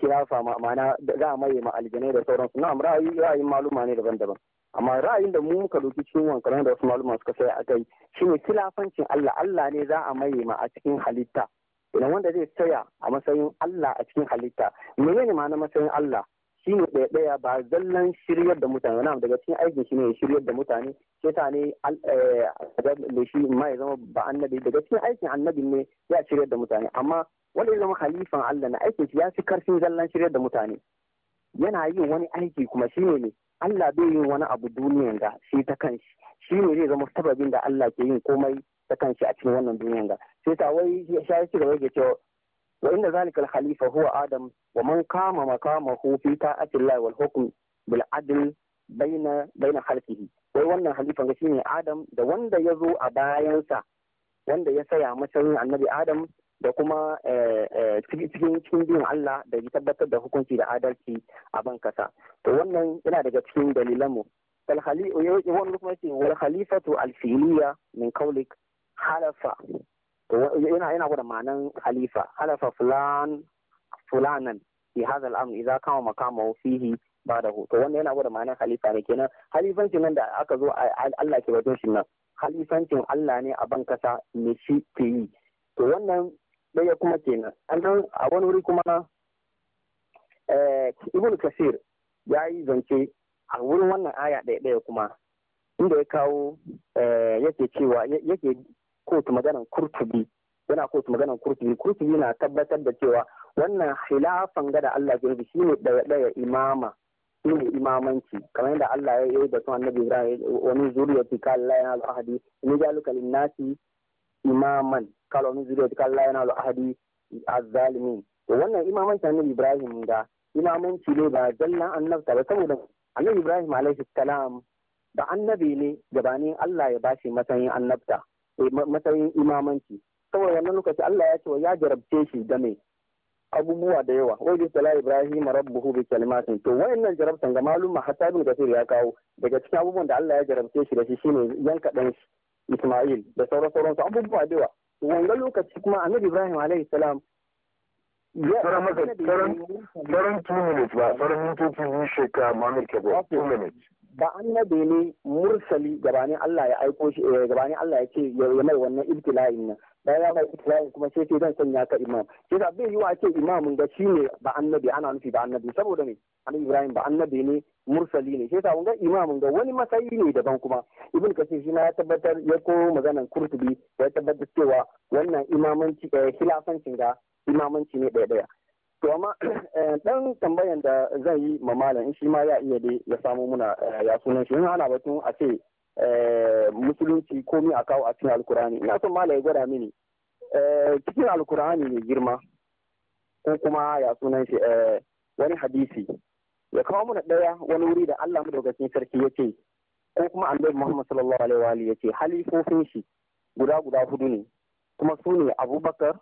khilafa ma'ana za a maye ma aljanai da sauransu na'am ra'ayi ra'ayin maluma ne daban-daban amma ra'ayin da mu muka doki cikin wankan da wasu maluma suka sai a kai shine khilafancin Allah Allah ne za a maye ma a cikin halitta idan wanda zai tsaya a matsayin Allah a cikin halitta menene ma'ana matsayin Allah shine ɗaya ɗaya ba zallan shiryar da mutane na daga cikin aikin shi ne shiryar da mutane sai ta ne eh, da shi ma ya zama ba annabi daga cikin aikin annabi ne ya shiryar da mutane amma wanda ya zama halifan Allah na aikin shi ya fi karfin zallan shiryar da mutane yana yin wani aiki kuma shi ne Allah bai yin wani abu duniyan da shi ta kanshi shi ne zai zama sababin da Allah ke yin komai da kanshi a cikin wannan duniyan ga sai ta wai shayi ci gaba da cewa wa inda al khalifa huwa adam wa man kama makama hu fi ta'atillahi wal hukm bil adl baina baina khalqihi wai wannan halifan ga shine adam da wanda ya zo a sa wanda ya saya matsayin annabi adam da kuma eh, eh, cikin cikin bin Allah da ya tabbatar da hukunci da adalci a ban kasa to wannan yana daga cikin dalilan mu wani kuma ce wal khalifatu al fi'liya min qawlik halafa yana yana gwada ma'anan khalifa halafa fulan fulanan fi hadha al-amr idza kama makama fihi da to wannan yana gwada ma'anan khalifa ne kenan khalifancin nan da aka zo Allah ke batun shi nan khalifancin Allah ne a bankasa ne shi ke yi to wannan ɗaya kuma kenan sannan a wani wuri kuma eh, ibnu kasir ya yi zance a wurin wannan aya ɗaya ɗaya kuma inda ya kawo eh, yake cewa yake kotu maganan kurtubi yana kotu maganan kurtubi kurtubi na tabbatar da cewa wannan khilafan gada Allah ke shi ne da daya imama shi ne imamanci kamar yadda Allah ya yi da sun annabi Ibrahim wani zuriyati ka Allah yana al-ahadi ni jaluka nasi imaman kala wani zuriyati ka Allah yana al-ahadi az-zalimin to wannan imamanci annabi Ibrahim da imamanci ne ba jallan annabta ba saboda annabi Ibrahim alaihi salam da annabi ne gabanin Allah ya bashi matsayin annabta Eh, matsayin imamanci saboda nan lokaci Allah ya ce wa ya jarabce shi da me abubuwa da yawa wai bi sala ibrahim rabbuhu bi kalimatin to wayannan jarabtan ga malum hatta bin kasir ya kawo daga cikin abubuwan da Allah ya jarabce shi da shi shine yanka dan shi isma'il da sauran sauransu abubuwa da yawa wanga lokaci kuma annabi ibrahim alaihi salam sauran masa sauran two minutes ba sauran mintoci biyu shekara mamir kebo two minutes ba annabi ne mursali gabanin Allah ya aiko shi eh, gabanin Allah ya ce ya mai wannan ibtila'in nan bayan ya mai ibtila'in kuma sai ce zan sanya ka imam sai da bai yiwa ce imamin ga shine ba annabi ana nufi ba annabi saboda ne an Ibrahim ba annabi ne mursali ne sai ka ga imamin ga wani matsayi ne daban kuma ibn kasir shi ya tabbatar ya ko maganan kurtubi ya tabbatar cewa wannan imamanci eh, khilafancin ga imamanci ne daya daya. To amma dan eh, tambayan da zan yi ma malam in shi ma ya iya dai ya samu muna eh, ya sunan shi in ana batun a ce eh, musulunci komi a kawo a cikin alkurani ina son malam ya gwada mini cikin alkurani ne girma ko kuma ya sunan shi wani hadisi ya kawo muna ɗaya wani wuri da Allah madaukakin sarki ya ce ko kuma annabi Muhammad sallallahu alaihi wa alihi ya halifofin shi guda guda hudu ne kuma su ne Abubakar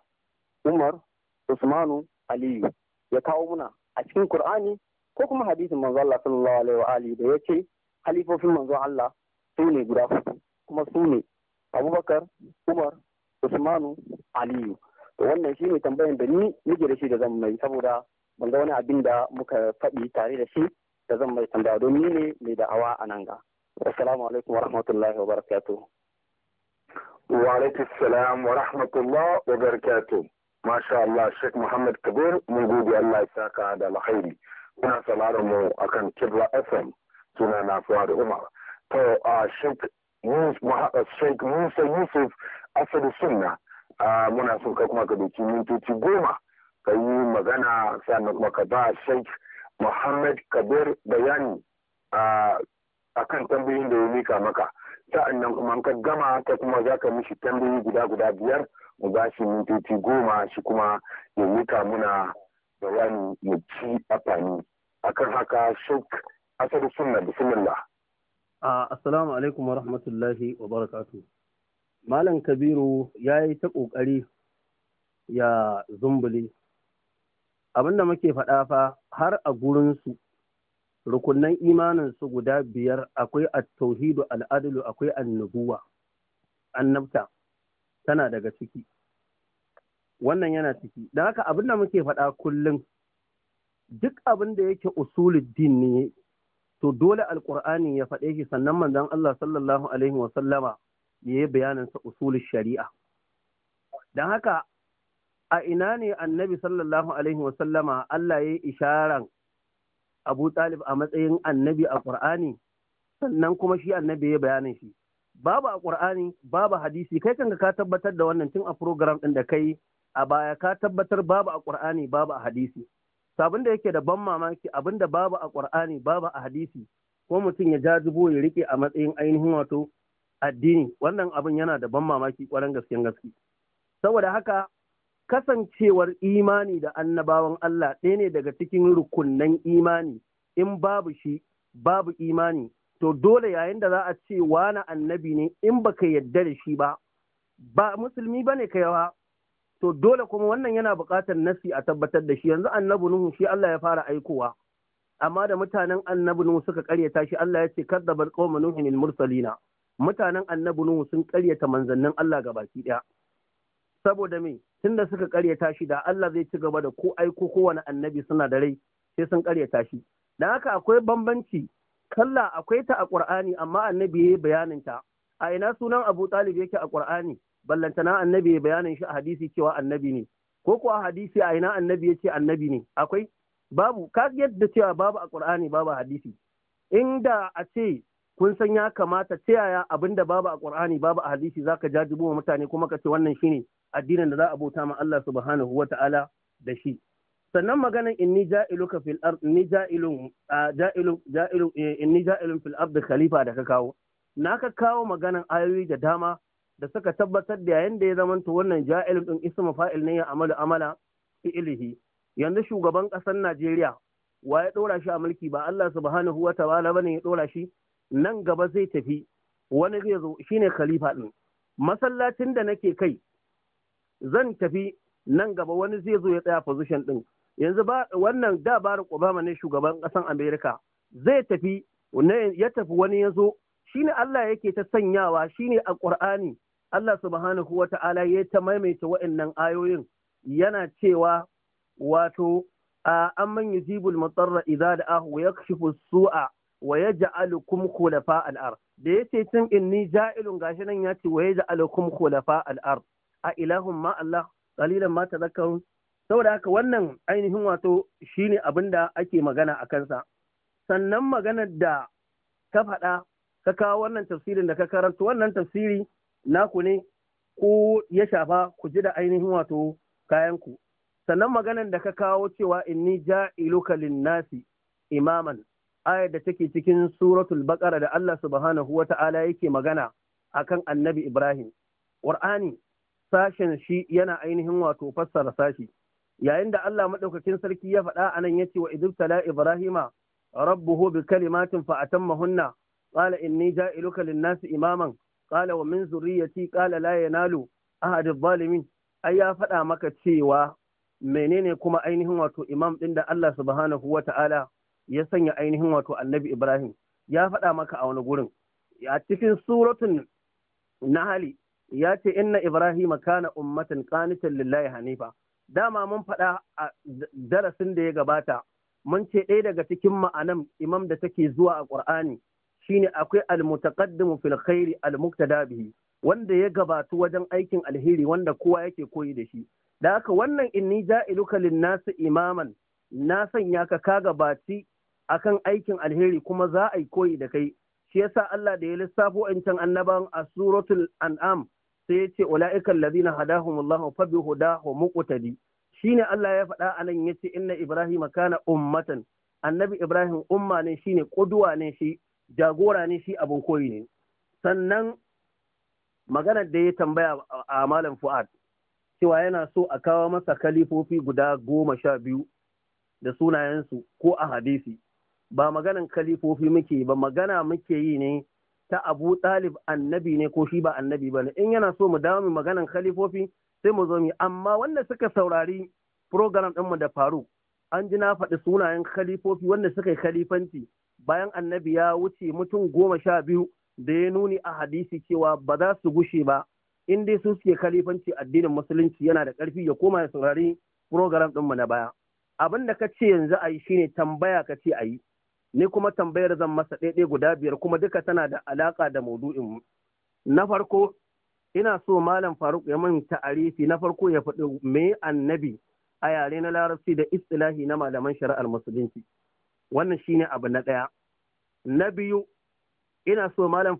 Umar Usmanu aliyu ya kawo muna a cikin Kur'ani ko kuma hadisin manzo Allah sallallahu alaihi wa alihi da yake halifofin manzo Allah su ne guda hudu kuma su ne Abubakar Umar Usmanu Aliyu to wannan shine tambayan da ni nake da shi da zan mai saboda ban ga wani abin da muka faɗi tare da shi da zan mai tambaya don ni ne mai da'awa a nan ga assalamu alaikum wa rahmatullahi wa barakatuh wa alaikum wa rahmatullahi wa barakatuh Masha Allah Sheikh Muhammad Kabir mun gode Allah ya saka da alkhairi. Kuna sauraron mu akan Kibla FM suna na da Umar. To Sheikh Sheikh Musa Yusuf Asadu Sunna muna son ka kuma ka doki mintoci goma ka yi magana sannan kuma ka ba Sheikh Muhammad Kabir bayani A akan tambayoyin da ya mika maka. Sa'annan kuma ka gama ka kuma zaka mishi tambayi guda guda biyar. mu ba shi mintoci goma shi kuma ya mika muna bayani ya ci afani akan haka shek asadu sunna bismillah assalamu alaikum wa rahmatullahi wa barakatu malam kabiru ya yi ta ƙoƙari ya zumbule abinda muke faɗa fa har a gurinsu rukunan imaninsu guda biyar akwai at-tauhidu al-adlu akwai annabuwa annabta tana daga ciki wannan yana ciki don haka abin da muke faɗa kullum duk abin da yake din ne to dole alkur'ani ya faɗe shi sannan manzon Allah sallallahu alaihi wa sallama ya yi bayanin sa usulul shari'a don haka a ina ne annabi sallallahu alaihi wa sallama Allah ya yi isharan Abu Talib a matsayin annabi a Qur'ani sannan kuma shi annabi ya bayanin shi babu a ƙur'ani babu hadisi kai kanka ka tabbatar da wannan tun a program ɗin da kai a baya ka tabbatar babu a ƙur'ani babu a hadisi sabin da yake da ban mamaki abin da babu a ƙur'ani babu a hadisi ko mutum ya jajibo ya rike a matsayin ainihin wato addini wannan abin yana da ban mamaki ƙwarar gasken gaske saboda haka kasancewar imani da annabawan Allah ɗaya ne daga cikin rukunnan imani in babu shi babu imani to dole yayin da za a ce wani annabi ne in baka yadda da shi ba ba musulmi ba ne kaiwa to dole kuma wannan yana buƙatar nasi a tabbatar da shi yanzu annabi nuhu shi Allah ya fara aikowa amma da mutanen annabi nuhu suka karyata shi Allah ya ce kadzabat qaumun nuhin al mursalina mutanen annabi nuhu sun karyata manzannin Allah gabaki daya saboda me tunda suka karyata shi da Allah zai ci gaba da ko aiko kowane annabi suna da rai sai sun karyata shi dan haka akwai bambanci kalla akwai ta a Qur'ani amma annabi yi bayanin ta a ina sunan Abu Talib yake a Qur'ani ballantana annabi ya bayanin shi a hadisi cewa annabi ne ko kuwa hadisi a ina annabi ya ce annabi ne akwai babu ka yadda cewa babu a Qur'ani babu a hadisi inda a ce kun san ya kamata ta yaya abin babu a Qur'ani babu a hadisi zaka jajibo mutane kuma ka ce wannan shine addinin da za a bauta ma Allah subhanahu wata'ala da shi sannan maganan inni ja'ilun ja'ilu ja'ilu eh, inni fil ard khalifa da ka kawo na ka kawo maganan ayoyi da dama da suka tabbatar da yayin da ya zamanta wannan Jailu ɗin ismu fa'il ne ya amalu amala Ilihi. yanzu shugaban ƙasar Najeriya wa ya ɗora shi a mulki ba Allah subhanahu wa ta'ala bane ya ɗora shi nan gaba zai tafi wani zai zo shine khalifa din masallacin da nake kai zan tafi nan gaba wani zai zo ya tsaya position ɗin. yanzu ba wannan da Barack Obama ne shugaban ƙasan Amerika zai tafi ya tafi wani ya zo shine Allah yake ta sanyawa shine a Qur'ani Allah subhanahu wa ta'ala ya ta maimaita wa'annan ayoyin yana cewa wato An man yujibul mutarra idza da'ahu wa yakshifu su'a wa yaj'alukum khulafa al-ard da yace tun inni ja'ilun gashi nan yace wa yaj'alukum khulafa al-ard a ilahum ma Allah qalilan ma tadhakkarun saboda haka wannan ainihin wato shine abin da ake magana a kansa sannan maganar da ka faɗa ka kawo wannan tafsirin da ka karanta wannan tafsiri naku ne ko ya shafa ku ji da ainihin wato kayanku sannan maganar da ka kawo cewa inni ilokalin nasi, imaman ayar da take cikin suratul baqara da Allah subhanahu wa Ta'ala yake magana akan annabi Ibrahim Qur'ani sashen shi yana ainihin wato fassara sashi yayin da Allah madaukakin sarki ya faɗa anan yace wa idibtala ibrahima rabbuhu bi kalimatin fa atammahunna qala inni ja'iluka lin-nasi imaman qala wa min zurriyyati qala la yanalu ahad adh-dhalimin ai ya faɗa maka cewa menene kuma ainihin wato imam din da Allah subhanahu Ta'ala ya sanya ainihin wato annabi Ibrahim ya faɗa maka a wani gurin a cikin suratun nahali ya ce inna Ibrahim kana ummatan qanitan lillahi hanifa dama mun faɗa a darasin da ya gabata mun ce ɗaya daga cikin ma'anan imam da take zuwa a ƙur'ani shine akwai almutaqaddimu fil khairi almuktada bihi wanda ya gabatu wajen aikin alheri wanda kowa yake koyi da shi da haka wannan inni ja'iluka linnasi imaman na sanya ka ka gabaci akan aikin alheri kuma za a yi koyi da kai shi yasa Allah da ya lissafo in can annaban a suratul an'am sai ya ce ula'ikan ladina hadahumullahu fa bi hudahu muqtadi shine Allah ya faɗa anan yace inna ibrahima kana ummatan annabi ibrahim umma ne shine kuduwa ne shi jagora ne shi abun koyi ne sannan maganar da ya tambaya a malam fuad cewa yana so a kawo masa kalifofi guda goma sha biyu da sunayensu ko a hadisi ba maganan kalifofi muke ba magana muke yi ne ta Abu Talib annabi ne ko shi ba annabi ba ne in yana so mu dawo mu maganan khalifofi sai mu zo mu amma wanda suka saurari program ɗinmu da faru an ji na faɗi sunayen khalifofi wanda suka yi khalifanci bayan annabi ya wuce mutum goma sha biyu da ya nuni a hadisi cewa ba za su gushe ba in dai su suke khalifanci addinin musulunci yana da ƙarfi ya koma ya saurari program ɗinmu na baya abin da ka ce yanzu a yi shine tambaya ka ce a yi ni kuma tambayar zan masa ɗaiɗai guda biyar kuma duka tana da alaƙa da maudu'in na farko ina so malam faruk ya min ta'arifi na farko ya faɗi me annabi a yare na larabci da istilahi na malaman shari'ar musulunci wannan shine abu na ɗaya na biyu ina so malam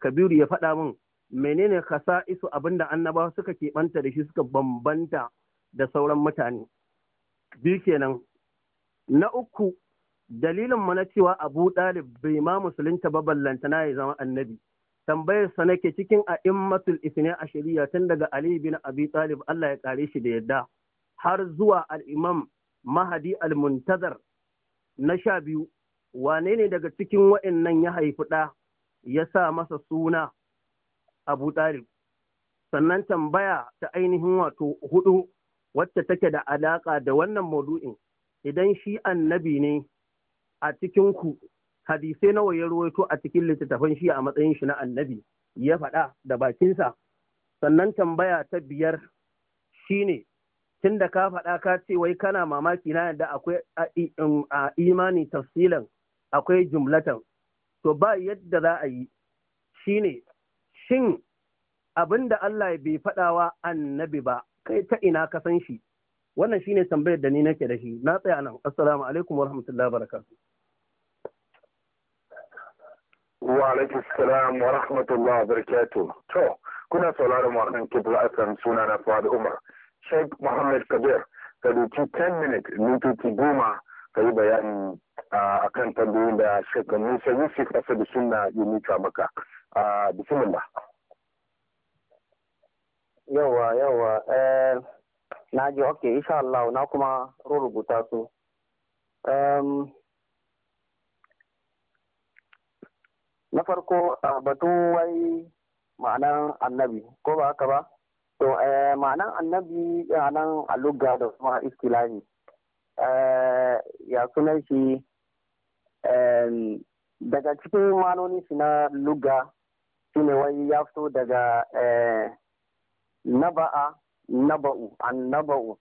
kabiru ya faɗa min menene kasa isu abinda annabawa suka keɓanta da shi suka bambanta da sauran mutane biyu kenan na uku dalilin mu na cewa abu ɗalib bai ma musulunta ba ballantana ya zama annabi tambayar sa nake cikin a immatul isna a shari'a tun daga ali bin abi talib Allah ya kare shi da yadda har zuwa al mahadi alMuntazar na sha biyu wane ne daga cikin wa'annan ya haifi ɗa ya sa masa suna abu ɗalib sannan tambaya ta ainihin wato hudu wacce take da alaƙa da wannan maudu'in idan shi annabi ne a cikin ku hadisai nawa ya ruwaito a cikin littattafan shi a matsayin shi na annabi ya faɗa da bakinsa sannan tambaya ta biyar shine tun da ka faɗa ka ce wai kana mamaki na yadda akwai a um, imani tafsilan akwai jumlatan to ba yadda za a yi shine shin abin da Allah bai faɗawa annabi ba kai ta ina ka san shi wannan shine tambayar da ni nake da shi na tsaya nan assalamu alaikum wa rahmatullahi wa barakatuh wa alaikum salam wa rahmatullahi wa barakatuh to kuna sauraron akan kibla akan suna na fa da Umar Sheikh Muhammad Kabir ka duki 10 minutes mintoci goma ka yi bayani akan tambayoyin da Sheikh Musa Yusuf Asadu Sunna ya mika maka bismillah yawa yawa eh na ji ok insha Allah na kuma rubuta su na farko batu wai ma'anan annabi ko ba haka ba to eh, ma'anan annabi ma'anan alugga da kuma istilahi eh, ya sunan shi daga cikin manoni su na lugga shine wai ya fito daga eh, naba'a naba'u annaba'u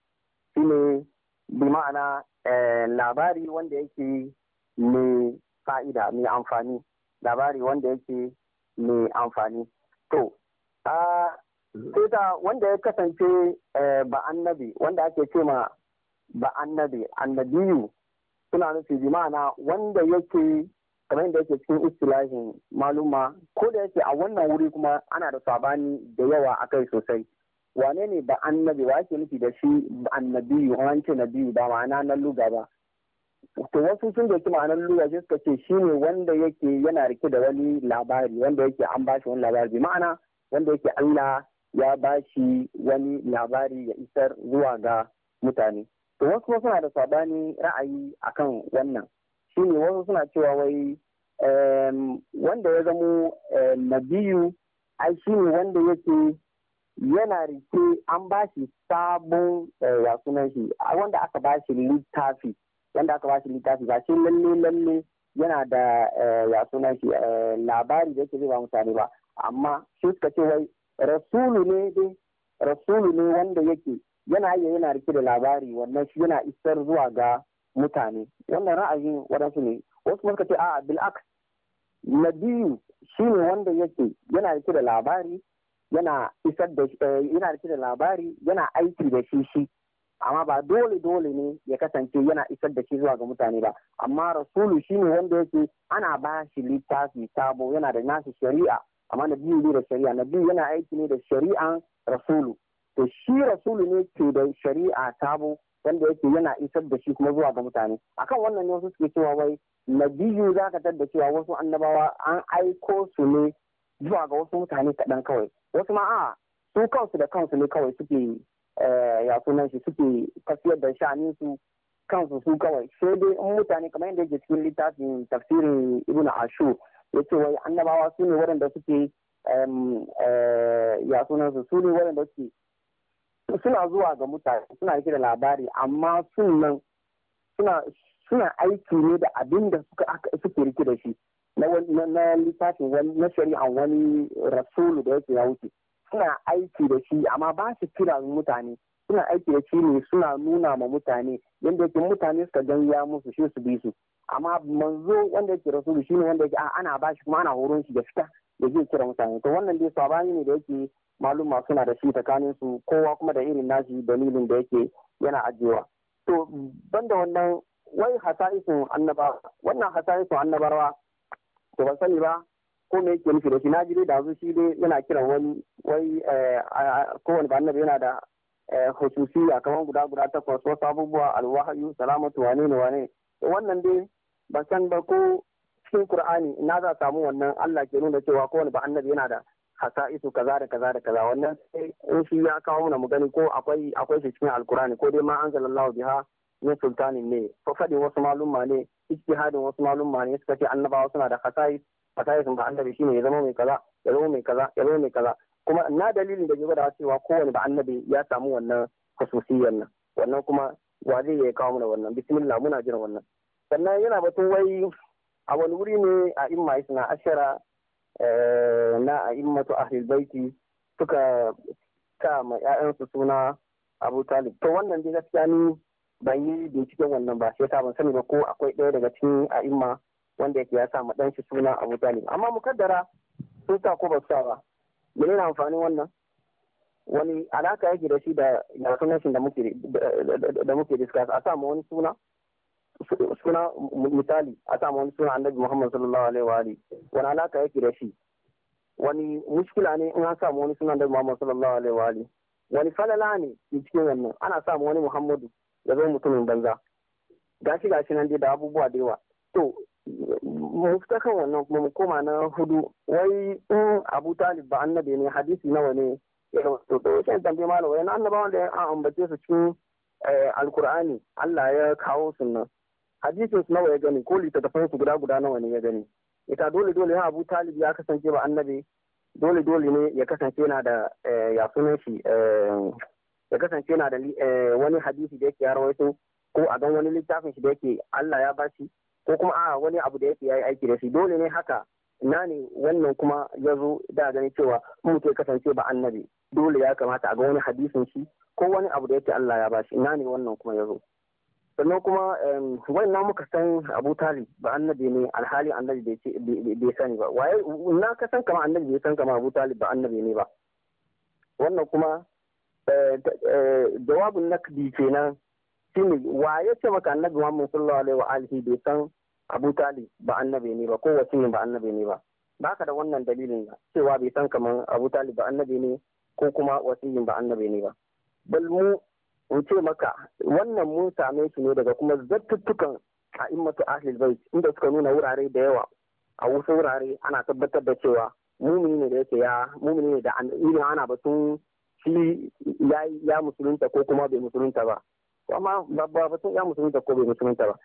shine bi ma'ana eh, labari wanda yake mai fa'ida mai amfani labari wanda yake mai amfani to a da wanda ya kasance eh, ba annabi wanda ake ce ma ba annabi annabiyu suna nufi bi ma'ana wanda yake kamar yadda yake cikin istilahin maluma ko da yake a wannan wuri kuma ana da sabani da yawa akai sosai wane ne ba annabi ba ake nufi da shi annabi wance nabi ba ma'ana na luga ba to wasu sun doki ma'anar luga sai suka ce shi ne wanda yake yana rike da wani labari wanda yake an ba shi wani labari bi ma'ana wanda yake Allah ya ba shi wani labari ya isar zuwa ga mutane to wasu suna da sabani ra'ayi akan wannan shi ne wasu suna cewa wai wanda ya zamo nabiyu ai shi ne wanda yake yana rike an ba shi sabon eh, ya sunan shi wanda aka ba shi littafi wanda aka ba shi littafi ba shi lalle lalle yana da eh, ya sunan shi eh, labari da yake zai ba mutane ba amma shi suka ce wai rasulu ne dai rasulu ne wanda yake yana iya yana rike da labari wannan shi yana isar zuwa ga mutane wannan ra'ayin waɗansu ne wasu suka ce a'a bil'aks nabiyu shi ne wanda yake yana rike da labari yana isar da eh, yana da labari yana aiki da shi shi amma ba dole dole ne ya kasance yana isar da shi zuwa ga mutane ba amma rasulu shine wanda yake ana ba shi littafi sabo yana da nasu shari'a amma na biyu ne da shari'a na biyu yana aiki ne da shari'an rasulu to shi rasulu ne ke da shari'a sabo wanda yake yana isar da shi kuma zuwa ga mutane akan wannan ne wasu suke cewa wai na biyu za ka da cewa wasu annabawa an aiko su ne zuwa ga wasu mutane kaɗan kawai wasu ma a su kansu da kansu ne kawai suke eh, ya sunan shi suke tafiyar da sha'anin su kansu su kawai sai dai in mutane kamar yadda yake cikin littafin tafsirin ibn ashu ya ce wai annabawa su ne waɗanda suke eh, ya sunan su su ne waɗanda suke suna zuwa ga mutane suna yake da labari amma sunan suna suna aiki ne da abin da suke rike da shi na littafin na shari'an wani rasulu da yake ya wuce suna aiki da shi amma ba su kira mutane suna aiki da shi ne suna nuna ma mutane yadda yake mutane suka ganya musu shi su bi su amma manzo wanda yake rasulu shine wanda yake ana ba shi kuma ana horon shi da fita da zai kira mutane to wannan dai sabani ne da yake masu suna da shi tsakanin su kowa kuma da irin nashi dalilin da yake yana ajiyewa to banda wannan wai hasa'isun annabawa wannan hasa'isun annabawa to ban sani ba ko me yake nufi da shi na ji da da shi dai yana kiran wani wai eh, kowane ba yana da eh, a kamar guda guda takwas wasu abubuwa alwahayu salamatu wane ne wane wannan dai ban san ba ko cikin qur'ani na za samu wannan Allah ke nuna cewa kowane ba annabi yana da isu kaza da kaza da kaza wannan sai in shi ya kawo mana mu gani ko akwai akwai shi cikin alqur'ani ko dai ma anzalallahu biha ne sultanin ne kadi wasu malumma ne ijtihadin wasu malumma ne suka ce annabawa suna da kasai kasai sun ba annabi shine ya zama mai kaza ya zama mai kaza ya zama mai kaza kuma na dalilin da ke gwada cewa kowane ba annabi ya samu wannan khususiyyan nan wannan kuma wa zai iya kawo mana wannan bismillah muna jiran wannan sannan yana batun wai a wani wuri ne a imma suna ashara eh, na a to ahlul baiti suka sa ma 'ya'yansu suna abu talib to wannan dai gaskiya ni ban yi binciken wannan ba sai ban sani ba ko akwai ɗaya daga cikin a'imma wanda yake ya samu ɗan shi suna Abu Talib amma mukaddara sun sa ko ba su sa ba menene amfanin wannan wani alaka yake da shi da shi da muke da muke discuss a samu wani suna suna misali a samu wani suna annabi Muhammad sallallahu alaihi wa alihi wani alaka yake da shi wani mushkila ne in an samu wani suna annabi Muhammad sallallahu alaihi wa alihi wani falala ne cikin wannan ana samu wani Muhammadu ya zama mutumin banza gashi gashi nan dai da abubuwa da yawa to mu fita kan wannan kuma mu koma na hudu wai in abu talib ba annabi ne hadisi nawa ne irin to to shan tambe malam wai annaba da an ambace su cikin eh, alkur'ani Allah ya kawo su nan hadisin su nawa ya gani ko littattafan su guda guda nawa ne ya gani ita dole dole ya abu talib ya kasance ba annabi dole dole ne ya kasance yana da eh, ya sunan shi eh, ya kasance yana da eh, wani hadisi da yake ya rawaito ko a gan wani littafin shi da yake Allah ya bashi ko kuma a wani abu da yake yayi aiki da shi dole ne haka na ne wannan kuma ya zo da ganin cewa mutum ya kasance ba annabi dole ya kamata a ga wani hadisin shi ko wani abu da yake Allah ya bashi na ne wannan kuma ya zo sannan kuma wani na muka san Abu Talib ba annabi ne alhali annabi bai sani ba waye na ka san kama annabi bai san kama Abu Talib ba annabi ne ba wannan kuma Eh, eh, jawabin nakdi kenan shine wa ya ce maka annabi Muhammad sallallahu alaihi wa alihi bai san Abu Talib ba annabi ne ba ko wasiyin ba annabi ne ba baka da wannan dalilin cewa bai san kaman Abu Talib ba annabi ne ko kuma wasiyin ba annabi ne ba bal mu in ce maka wannan mun same shi ne daga kuma zattuttukan a immatu ahlul bait inda suka nuna wurare da yawa a wasu wurare ana tabbatar da cewa mumini ne da yake ya mumini ne da ina ana batun shi ya musulunta ko kuma bai musulunta ba amma ba batun ya musulunta ko bai musulunta ba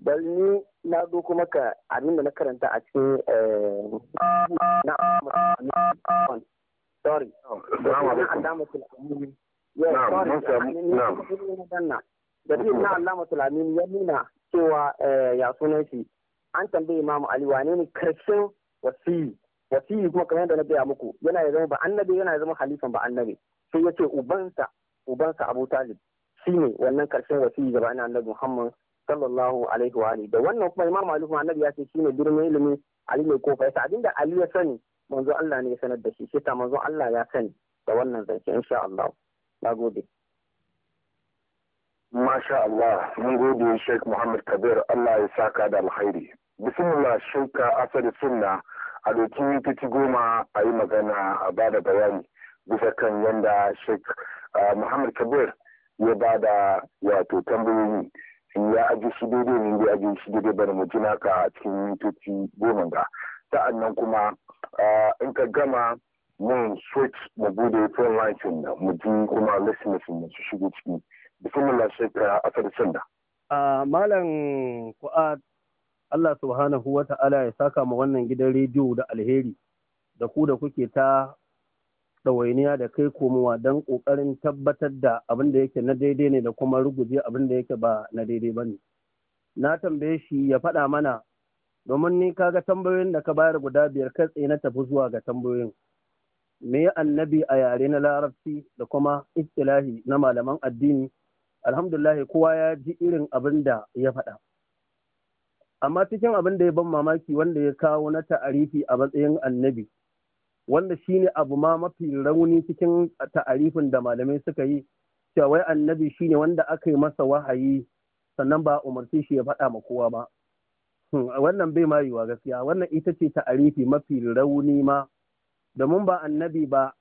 bal ni na zo kuma ka abin da na karanta a cikin eh, na sorry da fi na allama tulamin ya nuna cewa eh, ya sunan shi an tambaye imamu ali wane ne karshen wasiyi wasiyi kuma kamar yadda na biya muku yana ya zama ba annabi yana ya zama halifan ba annabi sai ya ce ubansa ubansa abu talib shi ne wannan karshen wasiyi gaba na annabi muhammad sallallahu alaihi wa alihi da wannan kuma imam malik annabi ya ce shi ne birnin ilimi ali ne kofa sa abinda ali ya sani manzo Allah ne ya sanar da shi shi ta manzo Allah ya sani da wannan zance insha Allah nagode Masha Allah, mun gode Sheikh Muhammad Kabir Allah ya saka da alkhairi. Bismillah Sheikh Asad Sunna a doki mintoci goma a yi magana a bada bayani. bisa kan yadda Sheikh ah, Muhammad Kabir ya ba da wato tambayoyi ya aji shi daidai ne ya aji shi daidai bane mu jina ka cikin mintoci goma ga sa'annan kuma ah, in ka gama mun switch mu bude phone line din nan mu ji kuma listeners mu su shigo ciki bismillah sheikh asad sanda ah, malam ku'ad Allah subhanahu wa ta'ala ya saka ma wannan gidan rediyo da alheri da ku da kuke ta ɗawainiya da kai komowa don ƙoƙarin tabbatar da abin da yake na daidai ne da kuma ruguje abin da yake ba na daidai ba ne. Na tambaye shi ya faɗa mana domin ni ka ga tambayoyin da ka bayar guda biyar kai tsaye na tafi zuwa ga tambayoyin. Me annabi a yare na larabci da kuma istilahi na malaman addini alhamdulahi kowa ya ji irin abin da ya faɗa. Amma cikin abin da ya ban mamaki wanda ya kawo na ta'arifi a matsayin annabi wanda shine abu ma mafi rauni cikin ta'arifin da malamai suka yi cewa wai annabi shine wanda aka yi masa wahayi sannan ba umarci shi ya faɗa ma kowa ba hmm, wannan bai mayuwa gaskiya wannan ita ce ta'arifi mafi rauni ma domin ba annabi ba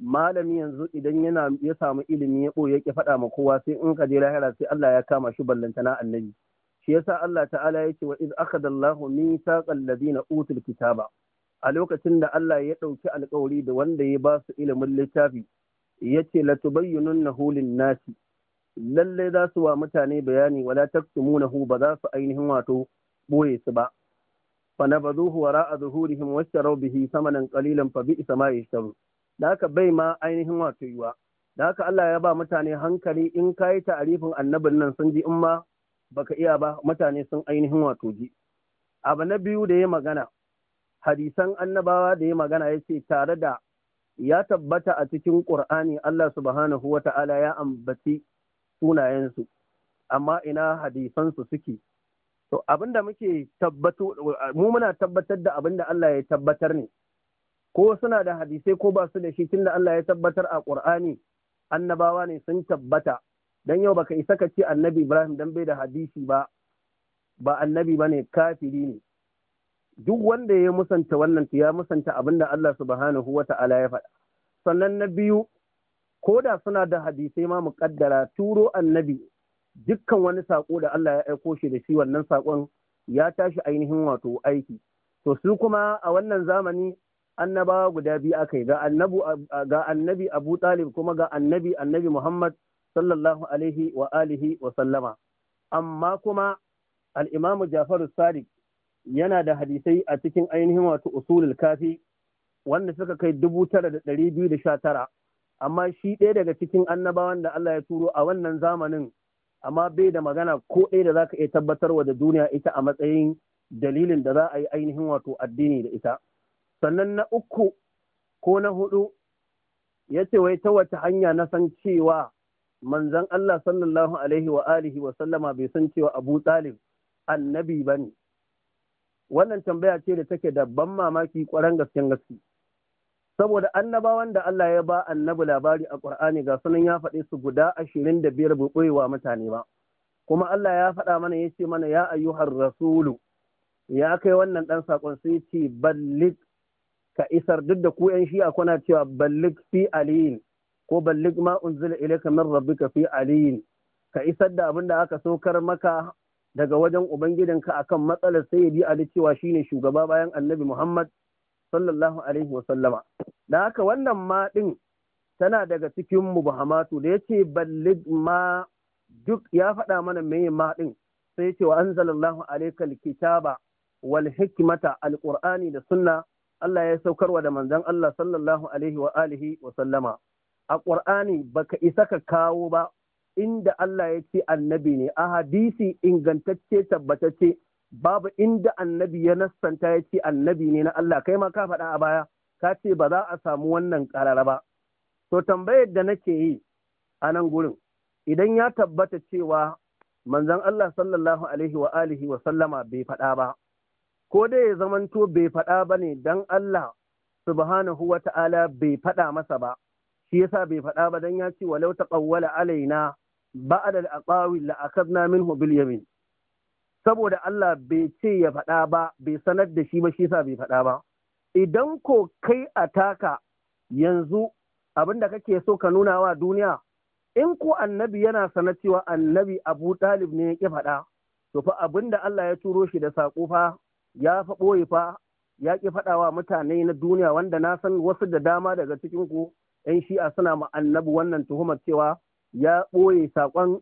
malami yanzu idan yana ya samu ilimi ya ɓoye ya faɗa ma kowa sai in ka je lahira sai Allah ya kama shi ballantana annabi shi yasa Allah ta'ala ya ce wa iz akhadallahu mithaqal ladina utul kitaba a lokacin da Allah ya ɗauki alkawari da wanda ya ba su ilimin littafi ya ce latubayyunun na hulin nasi lallai za su wa mutane bayani wala hu" ba za su ainihin wato ɓoye su ba fa na bazuhu wara a zuhurihim washtaraw bihi samanan qalilan fa bi'sa ma yashtaru da haka bai ma ainihin wato yiwa da haka Allah ya ba mutane hankali in kayi ta'arifin annabin nan sun ji in ma baka iya ba mutane sun ainihin wato ji abu na biyu da ya magana hadisan annabawa da ya magana ya ce tare da ya tabbata a cikin ƙur'ani Allah subhanahu wa ta'ala ya ambaci sunayensu amma ina hadisansu suke to abinda muke tabbato mu muna tabbatar da abinda Allah ya tabbatar ne ko suna da hadisai ko ba su da shi da Allah ya tabbatar a ƙur'ani annabawa ne sun tabbata dan yau baka isa ka ce annabi Ibrahim dan bai da hadisi ba ba annabi bane kafiri ne duk wanda ya musanta wannan ya musanta abin da Allah subhanahu wa ta'ala ya faɗa sannan na biyu ko da suna da hadisai ma muƙaddara turo annabi dukkan wani saƙo da Allah ya aiko shi da shi wannan saƙon ya tashi ainihin wato aiki to su kuma a wannan zamani annabawa guda biyu aka yi ga annabi abu talib kuma ga annabi annabi muhammad sallallahu alaihi wa alihi wa sallama amma kuma al'imamu jafaru sadiq yana da hadisai a cikin ainihin wato usulul kafi wanda suka kai dubu tara da ɗari biyu da sha tara amma shi ɗaya daga cikin annabawan da Allah ya turo a wannan zamanin amma bai da magana ko ɗaya da ka iya tabbatar wa da duniya ita a matsayin dalilin da za a yi ainihin wato addini da ita sannan na uku ko na hudu ya ce wai ta wata hanya na san cewa manzon Allah sallallahu alaihi wa alihi wa sallama bai san cewa Abu Talib annabi bane wannan tambaya ce da take da ban mamaki kwaran gasken gaske saboda annabawan da Allah ya ba annabi labari a ƙur'ani, ga sunan ya faɗe su guda ashirin da biyar bai ɓoyewa mutane ba kuma Allah ya faɗa mana ya ce mana ya ayyuhar rasulu ya kai wannan ɗan saƙon sai ce ballik ka isar duk da ku yan a kuna cewa ballik fi aliyin ko ballik ma unzila ilayka min rabbika fi aliyin ka isar da abin da aka saukar maka daga wajen Ubangidanka akan matsalar sayyidi Ali cewa shine shugaba bayan Annabi Muhammad sallallahu alaihi Da haka wannan ma tana daga cikin mubahamatu da yace ballid ma duk ya faɗa mana mai ma din sai ce wa anzalallahu alaikal kitaba wal hikmata alqur'ani da sunna Allah ya saukarwa da manzon Allah sallallahu alaihi wa alihi wa sallama. A Qur'ani baka isa ka kawo ba inda Allah ya ce annabi ne a hadisi ingantacce tabbatacce babu inda annabi ya nassanta ya ce annabi ne na Allah kai ma ka faɗa a baya ka ce ba za a samu wannan ƙarara ba to tambayar da nake yi a nan gurin idan ya tabbata cewa manzon Allah sallallahu alaihi wa alihi wa sallama bai faɗa ba ko dai ya zamanto bai faɗa ba ne dan Allah subhanahu wa ta'ala bai faɗa masa ba shi yasa bai faɗa ba dan ya ce walau taqawwala alaina ba'da al-aqawi la akadna minhu bil yamin saboda Allah bai ce ya faɗa ba bai sanar da shi ba shi sa bai faɗa ba idan ko kai a taka yanzu abin da kake so ka nuna wa duniya in ko annabi yana sana cewa annabi abu talib ne yake faɗa to fa abin da Allah ya turo shi da saƙo fa ya fa ɓoye fa ya ƙi faɗawa mutane na duniya wanda na san wasu da dama daga cikin ku ‘yan shi'a suna ma annabi wannan tuhumar cewa ya ɓoye saƙon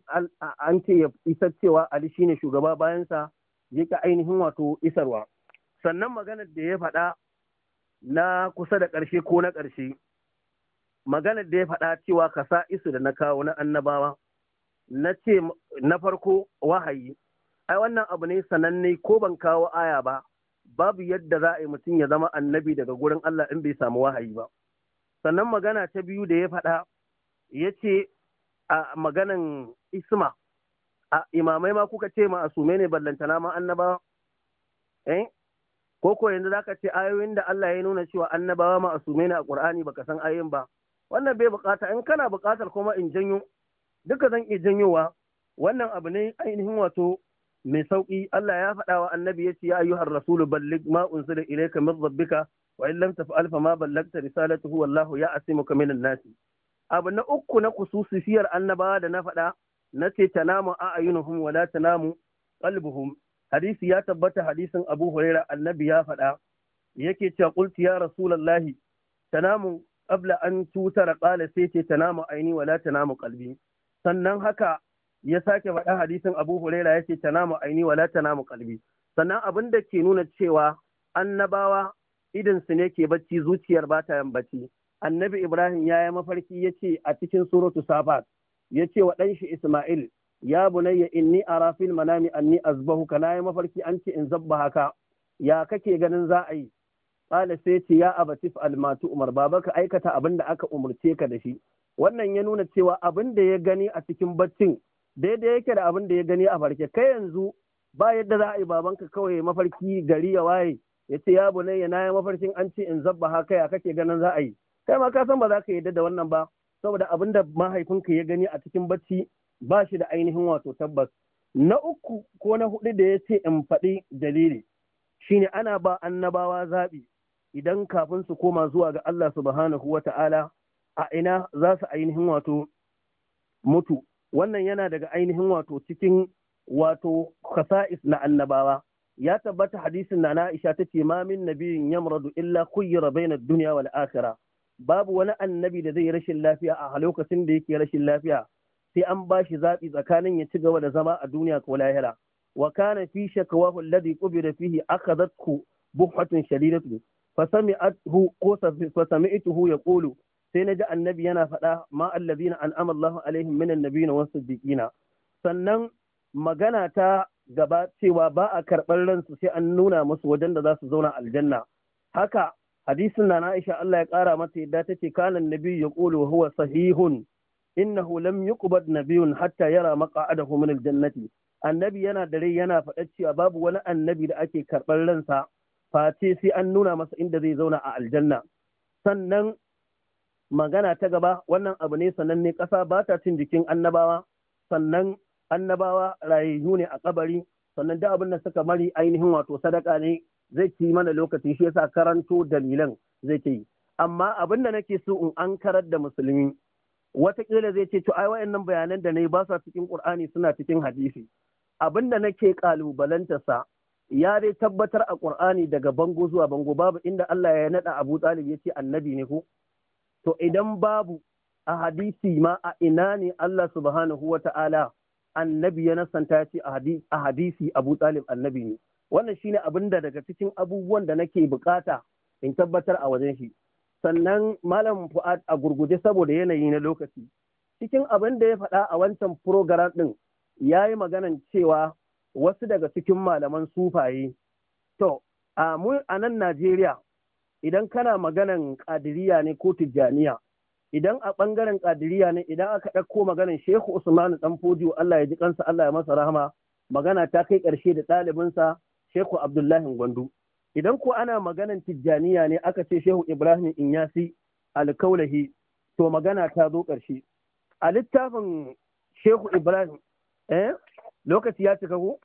an ce ya isar cewa Ali shine shugaba bayansa ya ka ainihin wato isarwa. Sannan maganar da ya faɗa na kusa da ƙarshe ko na ƙarshe, maganar da ya faɗa cewa ka sa isu da na kawo na annabawa, na ce na farko wahayi, ai wannan abu ne sananne ko ban kawo aya ba, babu yadda za a yi mutum ya zama annabi daga gurin Allah in bai samu wahayi ba. Sannan magana ta biyu da ya faɗa, ya ce a maganan isma a imamai ma kuka ce ma asume ne ballantana ma annabawa eh ko ko yanzu zaka ce ayoyin da Allah ya nuna cewa annabawa ma asume ne a Qur'ani baka san ayoyin ba wannan bai bukata in kana bukatar kuma in janyo duka zan iya janyowa wannan abu ne ainihin wato mai sauki Allah ya faɗa wa annabi yace ya ayyuhar rasulu balligh ma unzila ilayka min rabbika wa in lam taf'al fa ma ballagta risalatahu wallahu ya'simuka minan nasi abu na uku na kususufiyar annabawa da na faɗa na ce tanamu a ayunuhum wala tanamu qalbuhum hadisi ya tabbata hadisin Abu Huraira annabi ya faɗa yake cewa qultu ya rasulullahi tanamu qabla an tutara qala sai ce tanamu aini wala tanamu qalbi sannan haka ya sake faɗa hadisin Abu Huraira yace tanamu aini wala tanamu qalbi sannan abin da ke nuna cewa annabawa idan su ne ke bacci zuciyar ba ta yin bacci annabi Ibrahim ya yi mafarki ya ce a cikin suratu Safat ya ce wa ɗanshi Ismail ya bunayya inni a fil manami anni ka na yi mafarki an ce in zabba haka ya kake ganin za a yi qala sai ce ya abatif almatu umar baba ka aikata abin da aka umarce ka da shi wannan ya nuna cewa abin da ya gani a cikin baccin daidai yake da abin da ya gani a farke kai yanzu ba yadda za a yi babanka kawai mafarki gari ya waye ya ce ya bunayya na yi mafarkin an ce in zabba haka ya kake ganin za a yi kai ma ka san ba za ka yarda da wannan ba saboda abin da mahaifinka ya gani a cikin bacci ba shi da ainihin wato tabbas na uku ko na hudu da ya ce in faɗi dalili shine ana ba annabawa zaɓi idan kafin su koma zuwa ga Allah subhanahu wa ta'ala a ina za su ainihin wato mutu wannan yana daga ainihin wato cikin wato kasa'is na annabawa ya tabbata hadisin na Aisha ta ce ma min nabiyin yamradu illa kuyyira bainad duniya wal akhirah babu wani annabi da zai yi rashin lafiya a lokacin da yake rashin lafiya sai an ba shi zaɓi tsakanin ya ci gaba da zama a duniya ko lahira wa kana fi shakawahu alladhi qubira fihi akhadhatku buhatun shadidatu fa sami'athu ko fa ya yaqulu sai naji annabi yana faɗa ma alladhina an'ama Allahu alaihim minan nabiyyin was siddiqina sannan magana ta gaba cewa ba a karɓar ransu sai an nuna musu wajen da za su zauna aljanna haka hadisin na Aisha Allah ya ƙara mata yadda ta ce kanan nabi ya ƙulu wa huwa sahihun innahu lam yuqbad nabiyun hatta yara maq'adahu min jannati. annabi yana da rai yana faɗa cewa babu wani annabi da ake karɓar ransa face sai an nuna masa inda zai zauna a aljanna sannan magana ta gaba wannan abu ne sananne ƙasa ba ta cin jikin annabawa sannan annabawa rayayyu ne a kabari sannan da abin da suka mari ainihin wato sadaka ne zai ci mana lokaci shi yasa karanto dalilan zai ke yi amma abin da nake so in an karar da musulmi watakila zai ce to ai wa'annan bayanan da nayi ba sa cikin qur'ani suna cikin hadisi abin da nake kalubalanta sa ya dai tabbatar a qur'ani daga bango zuwa bango babu inda Allah ya naɗa Abu Talib yace annabi ne ko to idan babu a hadisi ma a ina ne Allah subhanahu Ta'ala annabi ya nasanta ya ce a hadisi Abu Talib annabi ne wannan shine abin da daga cikin abubuwan da nake bukata in tabbatar a wajen shi sannan malam fu'ad a gurguje saboda yanayi na lokaci cikin abin da ya faɗa a wancan program ɗin ya yi maganan cewa wasu daga cikin malaman sufaye to a mu a nan najeriya idan kana maganan ƙadiriya ne ko tijjaniya idan a ɓangaren ƙadiriya ne idan aka ɗauko maganan shehu usmanu ɗan fodiyo allah ya ji kansa allah ya masa rahama magana ta kai ƙarshe da ɗalibinsa Shehu Abdullahi Gwandu. Idan ko ana maganan Tijjaniya ne aka ce Shehu Ibrahim Inyasi alkaulahi to magana ta zo ƙarshe. A littafin Shehu Ibrahim, eh, lokaci ya cika ku?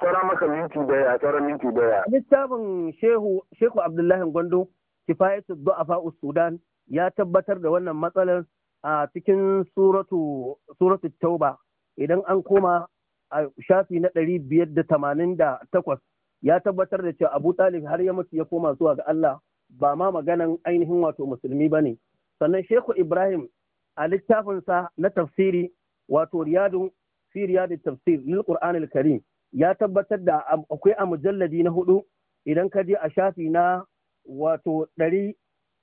Tsara maka minti daya, tsara minti daya. Littafin Shehu, Shehu Abdullahi Gwandu, Kifayatu Du'afa Sudan ya tabbatar da wannan matsalar a cikin suratu, suratu Tauba. Idan an koma a shafi na ɗari biyar da tamanin da takwas ya tabbatar da cewa Abu Talib har ya mutu ya koma zuwa ga Allah ba ma maganan ainihin wato musulmi ba ne. Sannan Shehu Ibrahim a littafinsa na tafsiri wato riyadun fi riyadun tafsir lil Qur'an karim ya tabbatar da akwai a mujalladi na hudu idan ka je a shafi na wato ɗari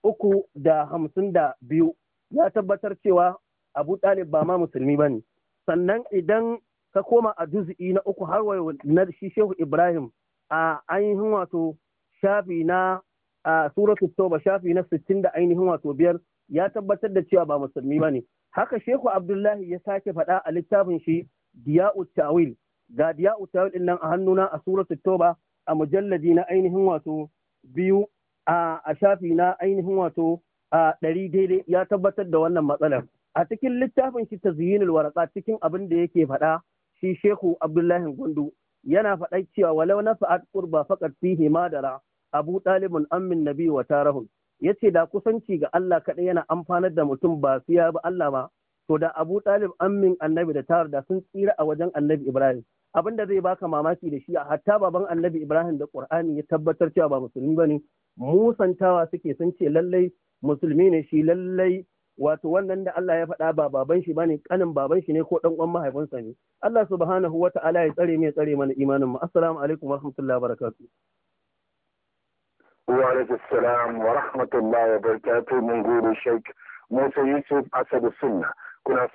uku da hamsin da biyu ya tabbatar cewa Abu Talib ba ma musulmi ba ne. Sannan idan ka koma a juz'i na uku har wayo na shi Shehu Ibrahim a ainihin wato shafi na a suratu Tauba shafi na sittin da ainihin wato biyar ya tabbatar da cewa ba musulmi ba ne. Haka Shehu Abdullahi ya sake faɗa a littafin shi Diya'u Tawil ga Diya'u Tawil ɗin nan a hannuna a suratu Tauba a mujalladi na ainihin wato biyu a shafi na ainihin wato a ɗari daidai ya tabbatar da wannan matsalar. A cikin littafin shi ta ziyinul waraka cikin abin da yake faɗa shi shehu abdullahi gundu yana faɗa cewa walau na fa'ad qurba faqad fihi madara abu ɗalibin ammin nabi wa tarahun yace da kusanci ga Allah kaɗai yana amfanar da mutum ba su ya ba Allah ba? to da abu ɗalib ammin annabi da tarar da sun tsira a wajen annabi ibrahim abin da zai baka mamaki da shi hatta baban annabi ibrahim da qur'ani ya tabbatar cewa ba musulmi bane musantawa suke sun ce lallai musulmi ne shi lallai wato wannan da Allah ya faɗa ba baban shi bane kanin baban shi ne ko dan uwan mahaifinsa ne Allah subhanahu ta'ala ya tsare ya tsare mana imanin mu assalamu alaikum wa rahmatullahi wa barakatuh wa alaikum assalam wa rahmatullahi wa barakatuh mun gode Sheikh Musa Yusuf Asadu Sunna kuna